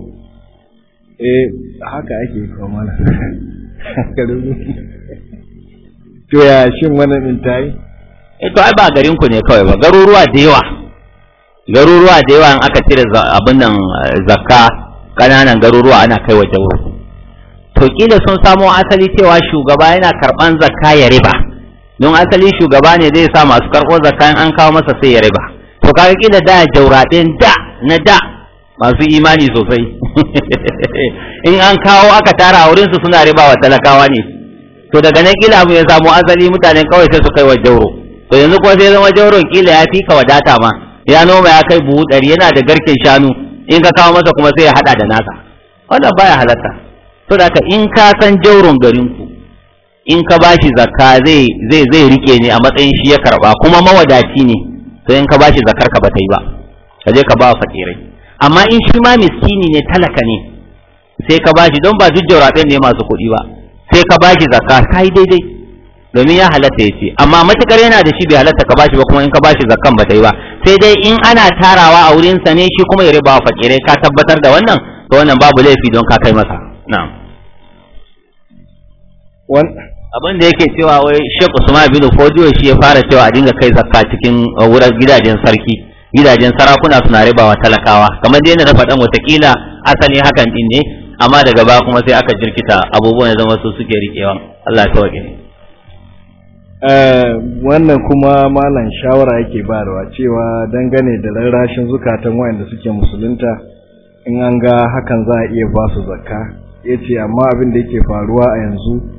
[SPEAKER 2] eh haka ake kawo mana
[SPEAKER 1] to ya shin wannan din tayi eh to ai ba garin ku ne kawai ba garuruwa da yawa garuruwa da yawa in aka cire abin nan eh, zakka kananan garuruwa ana kai wa jauro to kila sun samo asali cewa shugaba yana karban zakka ya riba don asali shugaba ne zai sa masu karɓo zakan an kawo masa sai ya riba to kaga kila da jauraɗin da na da masu imani sosai in an kawo aka tara wurin su suna riba wa talakawa ne to daga nan kila mu ya samu asali mutanen kawai sai su kai wa jauro to yanzu kuma sai zama jauron kila ya fi ka wadata ma ya noma ya kai buhu ɗari yana da garken shanu in ka kawo masa kuma sai ya haɗa da naka wannan baya halatta to da in ka san jauron garinku in ka bashi zakka zai zai zai rike ne a matsayin shi ya karba kuma mawadaci ne to in ka bashi zakkar ka ba ta yi ba ka je ka ba fakirai amma in shi ma miskini ne talaka ne sai ka bashi don ba duk jawraben ne masu kuɗi ba sai ka bashi zakka kai daidai domin ya halatta ya ce amma matukar yana da shi bai halatta ka bashi ba kuma in ka bashi zakkan ba ta yi ba sai dai in ana tarawa a wurinsa ne shi kuma ya riba wa fakirai ka tabbatar da wannan to wannan babu laifi don ka kai masa na'am abin da yake cewa wai Sheikh Usman bin Fodiyo shi ya fara cewa a dinga kai zakka cikin uh, wurin gidajen sarki gidajen sarakuna suna wa talakawa kamar dai na faɗan watakila asali hakan din ne amma daga ba kuma sai aka jirkita abubuwan ya zama su suke riƙewa. Allah ya tawake ne
[SPEAKER 2] eh, wannan kuma malam shawara yake barwa cewa dangane da rarrashin zukatan wayanda suke musulunta in an ga hakan za a iya ba su zakka yace amma abin da yake faruwa a yanzu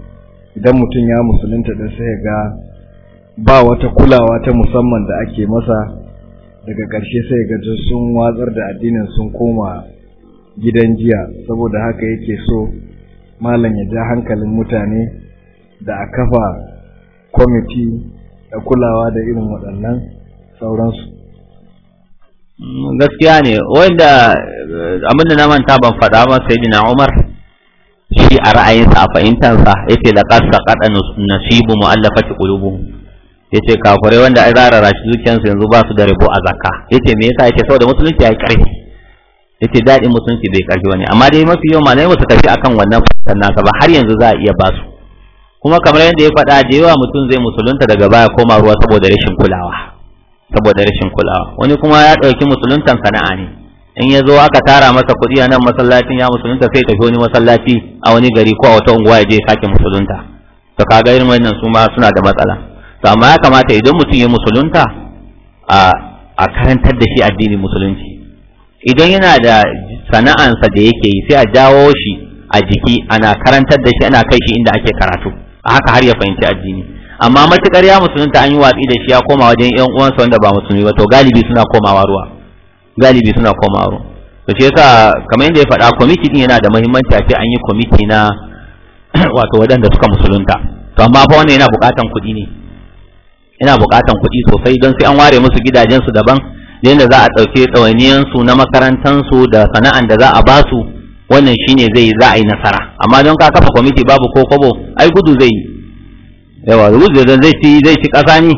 [SPEAKER 2] idan mutum ya musulunta da sai ga ba wata kulawa ta musamman da ake masa daga ƙarshe sai ga sun watsar da addinin sun koma gidan jiya saboda haka yake so malam ya ja hankalin mutane da a kafa kwamiti da kulawa da irin waɗannan sauransu
[SPEAKER 1] gaskiya ne wanda abinda na manta ban faɗa ba sai na umar shi a ra'ayinsa a fahimtansa ya ce da ƙasa kaɗa nasibu mu'allafati ƙulubu ya ce kafirai wanda an rarara shi zuciyarsa, yanzu ba su da rabo a zaka. ya ce me yasa ya ce saboda musulunci ya yi ƙarfi ya ce daɗin musulunci bai ƙarfi wani amma dai mafi yawan malamai ba su a akan wannan fahimtar nasa ba har yanzu za a iya ba su kuma kamar yadda ya faɗa da yawa mutum zai musulunta daga baya koma ruwa saboda rashin kulawa saboda rashin kulawa wani kuma ya ɗauki musuluntan sana'a ne in ya zo aka tara masa kuɗi a nan masallacin ya musulunta sai tafi wani masallaci a wani gari ko a wata unguwa ya je sake musulunta to kaga irin wannan su ma suna da matsala to amma ya kamata idan mutum ya musulunta a a karantar da shi addinin musulunci idan yana da sana'ansa da yake yi sai a jawo shi a jiki ana karantar da shi ana kai shi inda ake karatu a haka har ya fahimci addini amma matukar ya musulunta an yi watsi da shi ya koma wajen yan uwansa wanda ba musulmi ba to galibi suna komawa ruwa galibi suna koma aro to shi yasa kamar yadda ya faɗa kwamiti din yana da muhimmanci a ce an yi kwamiti na wato waɗanda suka musulunta to amma fa wannan yana buƙatan kuɗi ne yana buƙatan kuɗi sosai don sai an ware musu gidajen su daban yadda za a ɗauke ɗawainiyan su na makarantan su da sana'an da za a ba su wannan shine zai za a yi nasara amma don ka kafa kwamiti babu ko kobo ai gudu zai yi yawa gudu zai ci ƙasa ne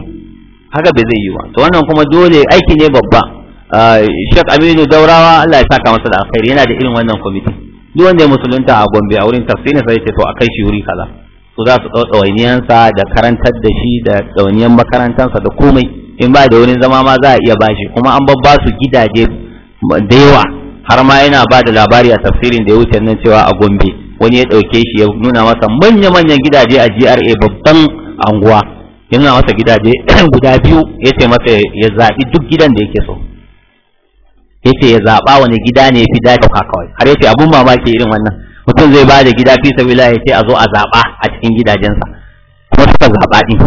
[SPEAKER 1] haka bai zai yi ba to wannan kuma dole aiki ne babba Ah, Sheikh Aminu Daurawa Allah ya saka masa da alkhairi yana da irin wannan kwamiti duk wanda ya musulunta a Gombe a wurin tafsirin sai ce to kai shi wuri kaza to za su dau ɗawainiyansa da karantar da shi da ɗawainiyan makarantansa da komai in ba da wurin zama ma za a iya bashi kuma an babba su gidaje da yawa har ma yana ba da labari a tafsirin da ya wuce nan cewa a Gombe wani ya ɗauke shi ya nuna masa manya-manyan gidaje a GRA babban anguwa yana masa gidaje guda biyu ya ce masa ya zaɓi duk gidan da yake so yace ya zaba wani gida ne fi dai ka kawai har yace abun mamaki irin wannan mutum zai ba da gida fi sabila yace a zo a zaba a cikin gidajensa kuma suka zaba din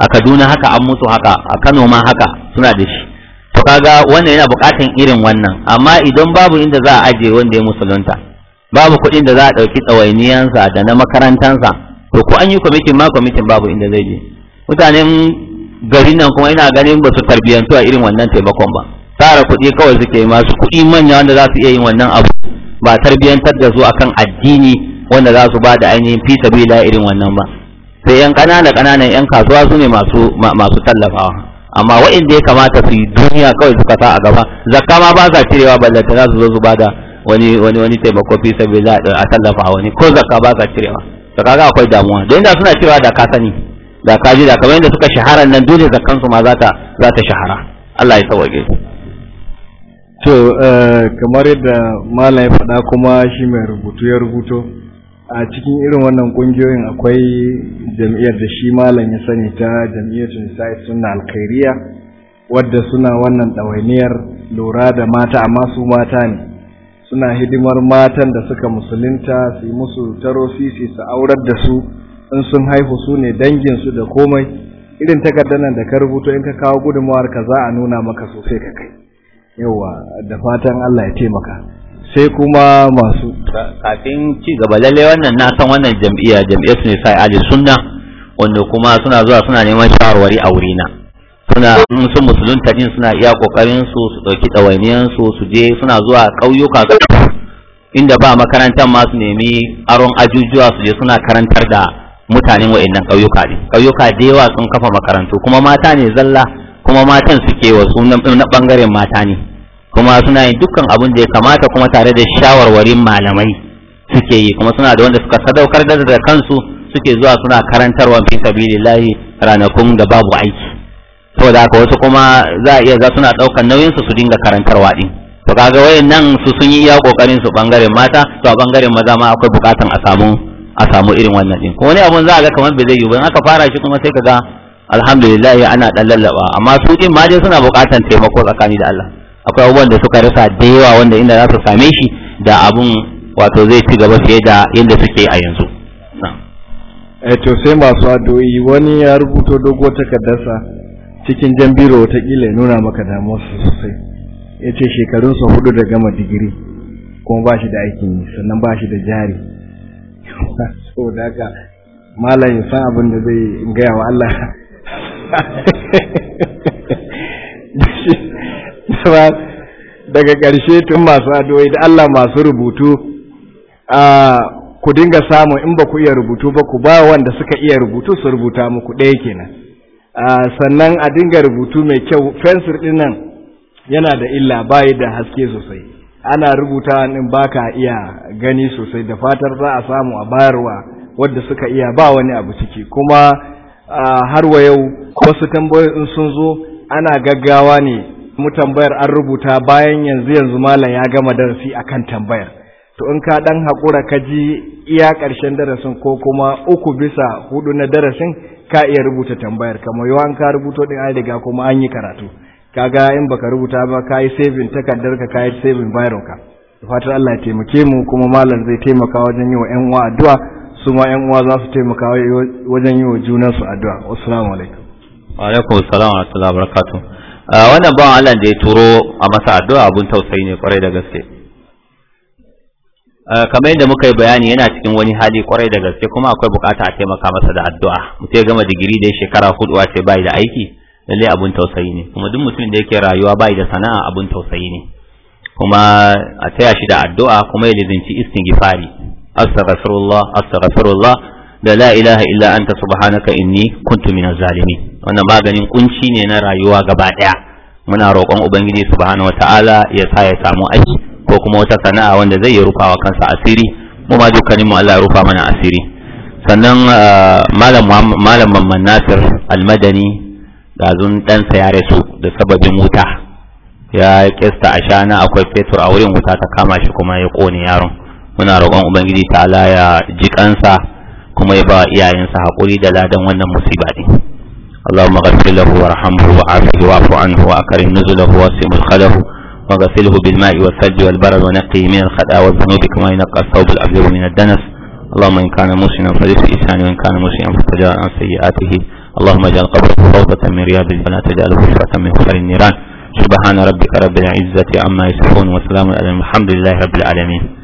[SPEAKER 1] a Kaduna haka an mutu haka a Kano ma haka suna da shi to kaga wannan yana bukatan irin wannan amma idan babu inda za a aje wanda ya musulunta babu kuɗin da za a ɗauki sa da na makarantansa to ko an yi kwamitin ma kwamitin babu inda zai je mutanen garin nan kuma ina ganin ba su tarbiyantu a irin wannan taimakon ba tara kuɗi kawai suke masu kuɗi manya wanda za su iya yin wannan abu ba tarbiyantar da su akan addini wanda za su ba da ainihin fi sabila irin wannan ba sai yan ƙanana ƙananan yan kasuwa su ne masu masu tallafawa amma waɗanda ya kamata su yi duniya kawai suka sa a gaba zakka ma ba sa cirewa ballanta za su zo su ba da wani wani wani taimako fi sabila a tallafa wani ko zakka ba sa cirewa to kaga akwai damuwa don da suna cirewa da ka sani da ka ji da kamar yadda suka shahara nan dole zakkan su ma za ta za ta shahara Allah ya sauke su
[SPEAKER 2] to eh, kamar yadda malam ya faɗa kuma shi mai rubutu ya rubuto a cikin irin wannan ƙungiyoyin akwai jam'iyyar da shi malam ya sani ta jam'iyyar tunisai suna alkhairiya wadda suna wannan ɗawainiyar lura da mata amma su mata ne suna hidimar matan da suka musulunta su yi musu taro sisi su aurar da su in sun haihu su ne danginsu da komai irin takardar nan da ka rubuto in ka kawo gudunmawar ka za a nuna maka sosai ka kai yawa da fatan Allah ya taimaka
[SPEAKER 1] sai kuma masu kafin ci gaba lalle wannan na san wannan jam'iyya jam'iyyar su ne sai ali sunna wanda kuma suna zuwa suna neman shawarwari a wurina suna sun musulunta din suna iya kokarin su su dauki dawainiyan su su je suna zuwa kauyuka inda ba makarantar ma su nemi aron ajujuwa su je suna karantar da mutanen wa'annan kauyuka din kauyuka da yawa sun kafa makarantu kuma mata ne zalla kuma matan suke wa su na bangaren mata ne kuma suna yin dukkan abin da ya kamata kuma tare da shawarwarin malamai suke yi kuma suna da wanda suka sadaukar da da kansu suke zuwa suna karantarwa fi sabilillahi ranakun da babu aiki saboda haka wasu kuma za a iya za suna ɗaukar nauyin su su dinga karantarwa din to kaga nan su sun yi iya kokarin su bangaren mata to a bangaren maza ma akwai bukatan a samu a samu irin wannan din ko wani abun za a ga kamar bai zai yi ba in aka fara shi kuma sai kaga alhamdulillah ana dan lallaba amma su din ma dai suna bukatan taimako tsakani da Allah akwai abubuwan da suka rasa da yawa wanda inda za su same shi da abun wato zai ci gaba fiye da yadda suke a yanzu
[SPEAKER 2] eh to sai masu addu'o'i wani ya rubuto dogo takardarsa cikin jan biro watakila ya nuna maka damuwa sosai ya ce shekarunsa hudu da gama digiri kuma ba shi da aikin yi sannan ba shi da jari so daga malam ya abin da zai gaya wa Allah daga ƙarshe tun masu addu'o'i da Allah masu rubutu ku dinga samu in ba ku iya rubutu ba ku ba wanda suka iya rubutu su rubuta muku ɗaya kenan sannan a dinga rubutu mai kyau fensir ɗin yana da illa bayi da haske sosai ana rubuta in baka iya gani sosai da fatar za a samu a bayarwa wadda suka iya ba wani abu ciki kuma har wa yau wasu tambayoyi in sun zo ana gaggawa ne mu tambayar an rubuta bayan yanzu yanzu malam ya gama darasi a kan tambayar to in ka dan hakura ka ji iya karshen darasin ko kuma uku bisa hudu na darasin ka iya rubuta tambayar kamar an ka rubuto din an riga kuma an yi karatu kaga in baka rubuta ba ka yi saving takardar ka ka yi saving bayarwa ka fatar Allah ya taimake mu kuma malam zai taimaka wajen yi wa 'yan uwa addu'a su ma yan uwa za su taimaka wajen yi wa junansu addu'a assalamu alaikum
[SPEAKER 1] wa alaikum da ya turo a masa addu'a abun tausayi ne kwarai da gaske kamar yadda muka yi bayani yana cikin wani hali kwarai da gaske kuma akwai bukata a taimaka masa da addu'a mutum ya gama digiri da shekara hudu a ce bai da aiki lalle abun tausayi ne kuma duk mutumin da yake rayuwa bai da sana'a abun tausayi ne kuma a taya shi da addu'a kuma ya lizinci gifari astaghfirullah astaghfirullah da la ilaha illa anta subhanaka inni kuntu minaz zalimin wannan maganin kunci ne na rayuwa gaba daya muna roƙon ubangiji subhanahu wataala ya sa ya samu aiki ko kuma wata sana'a wanda zai yi rufawa kansa asiri mu ma dukkanin mu Allah ya rufa mana asiri sannan ah, malam malam Mamman Nasir Almadani gazun ɗansa ya rasu da sababin wuta ya kista ashana akwai fetur a wurin wuta ta kama shi kuma ya kone yaron muna roƙon ubangiji ala ya ji kansa kuma ya ba iyayensa haƙuri da ladan wannan musiba din Allahumma ghfir lahu warhamhu wa'afihi wa'fu anhu wa akrim nuzulahu wasi mulkhalahu وغسله بالماء والثلج والبرد ونقه من الخطا والذنوب كما ينقى الثوب الابيض من الدنس اللهم ان كان مسلما فليس إنسان وان كان مسلما فتجاء عن سيئاته اللهم اجعل قبره روضة من رياض الجنة تجعله شفاة من خلال النيران سبحان ربك رب العزة عما يصفون وسلام على الحمد لله رب العالمين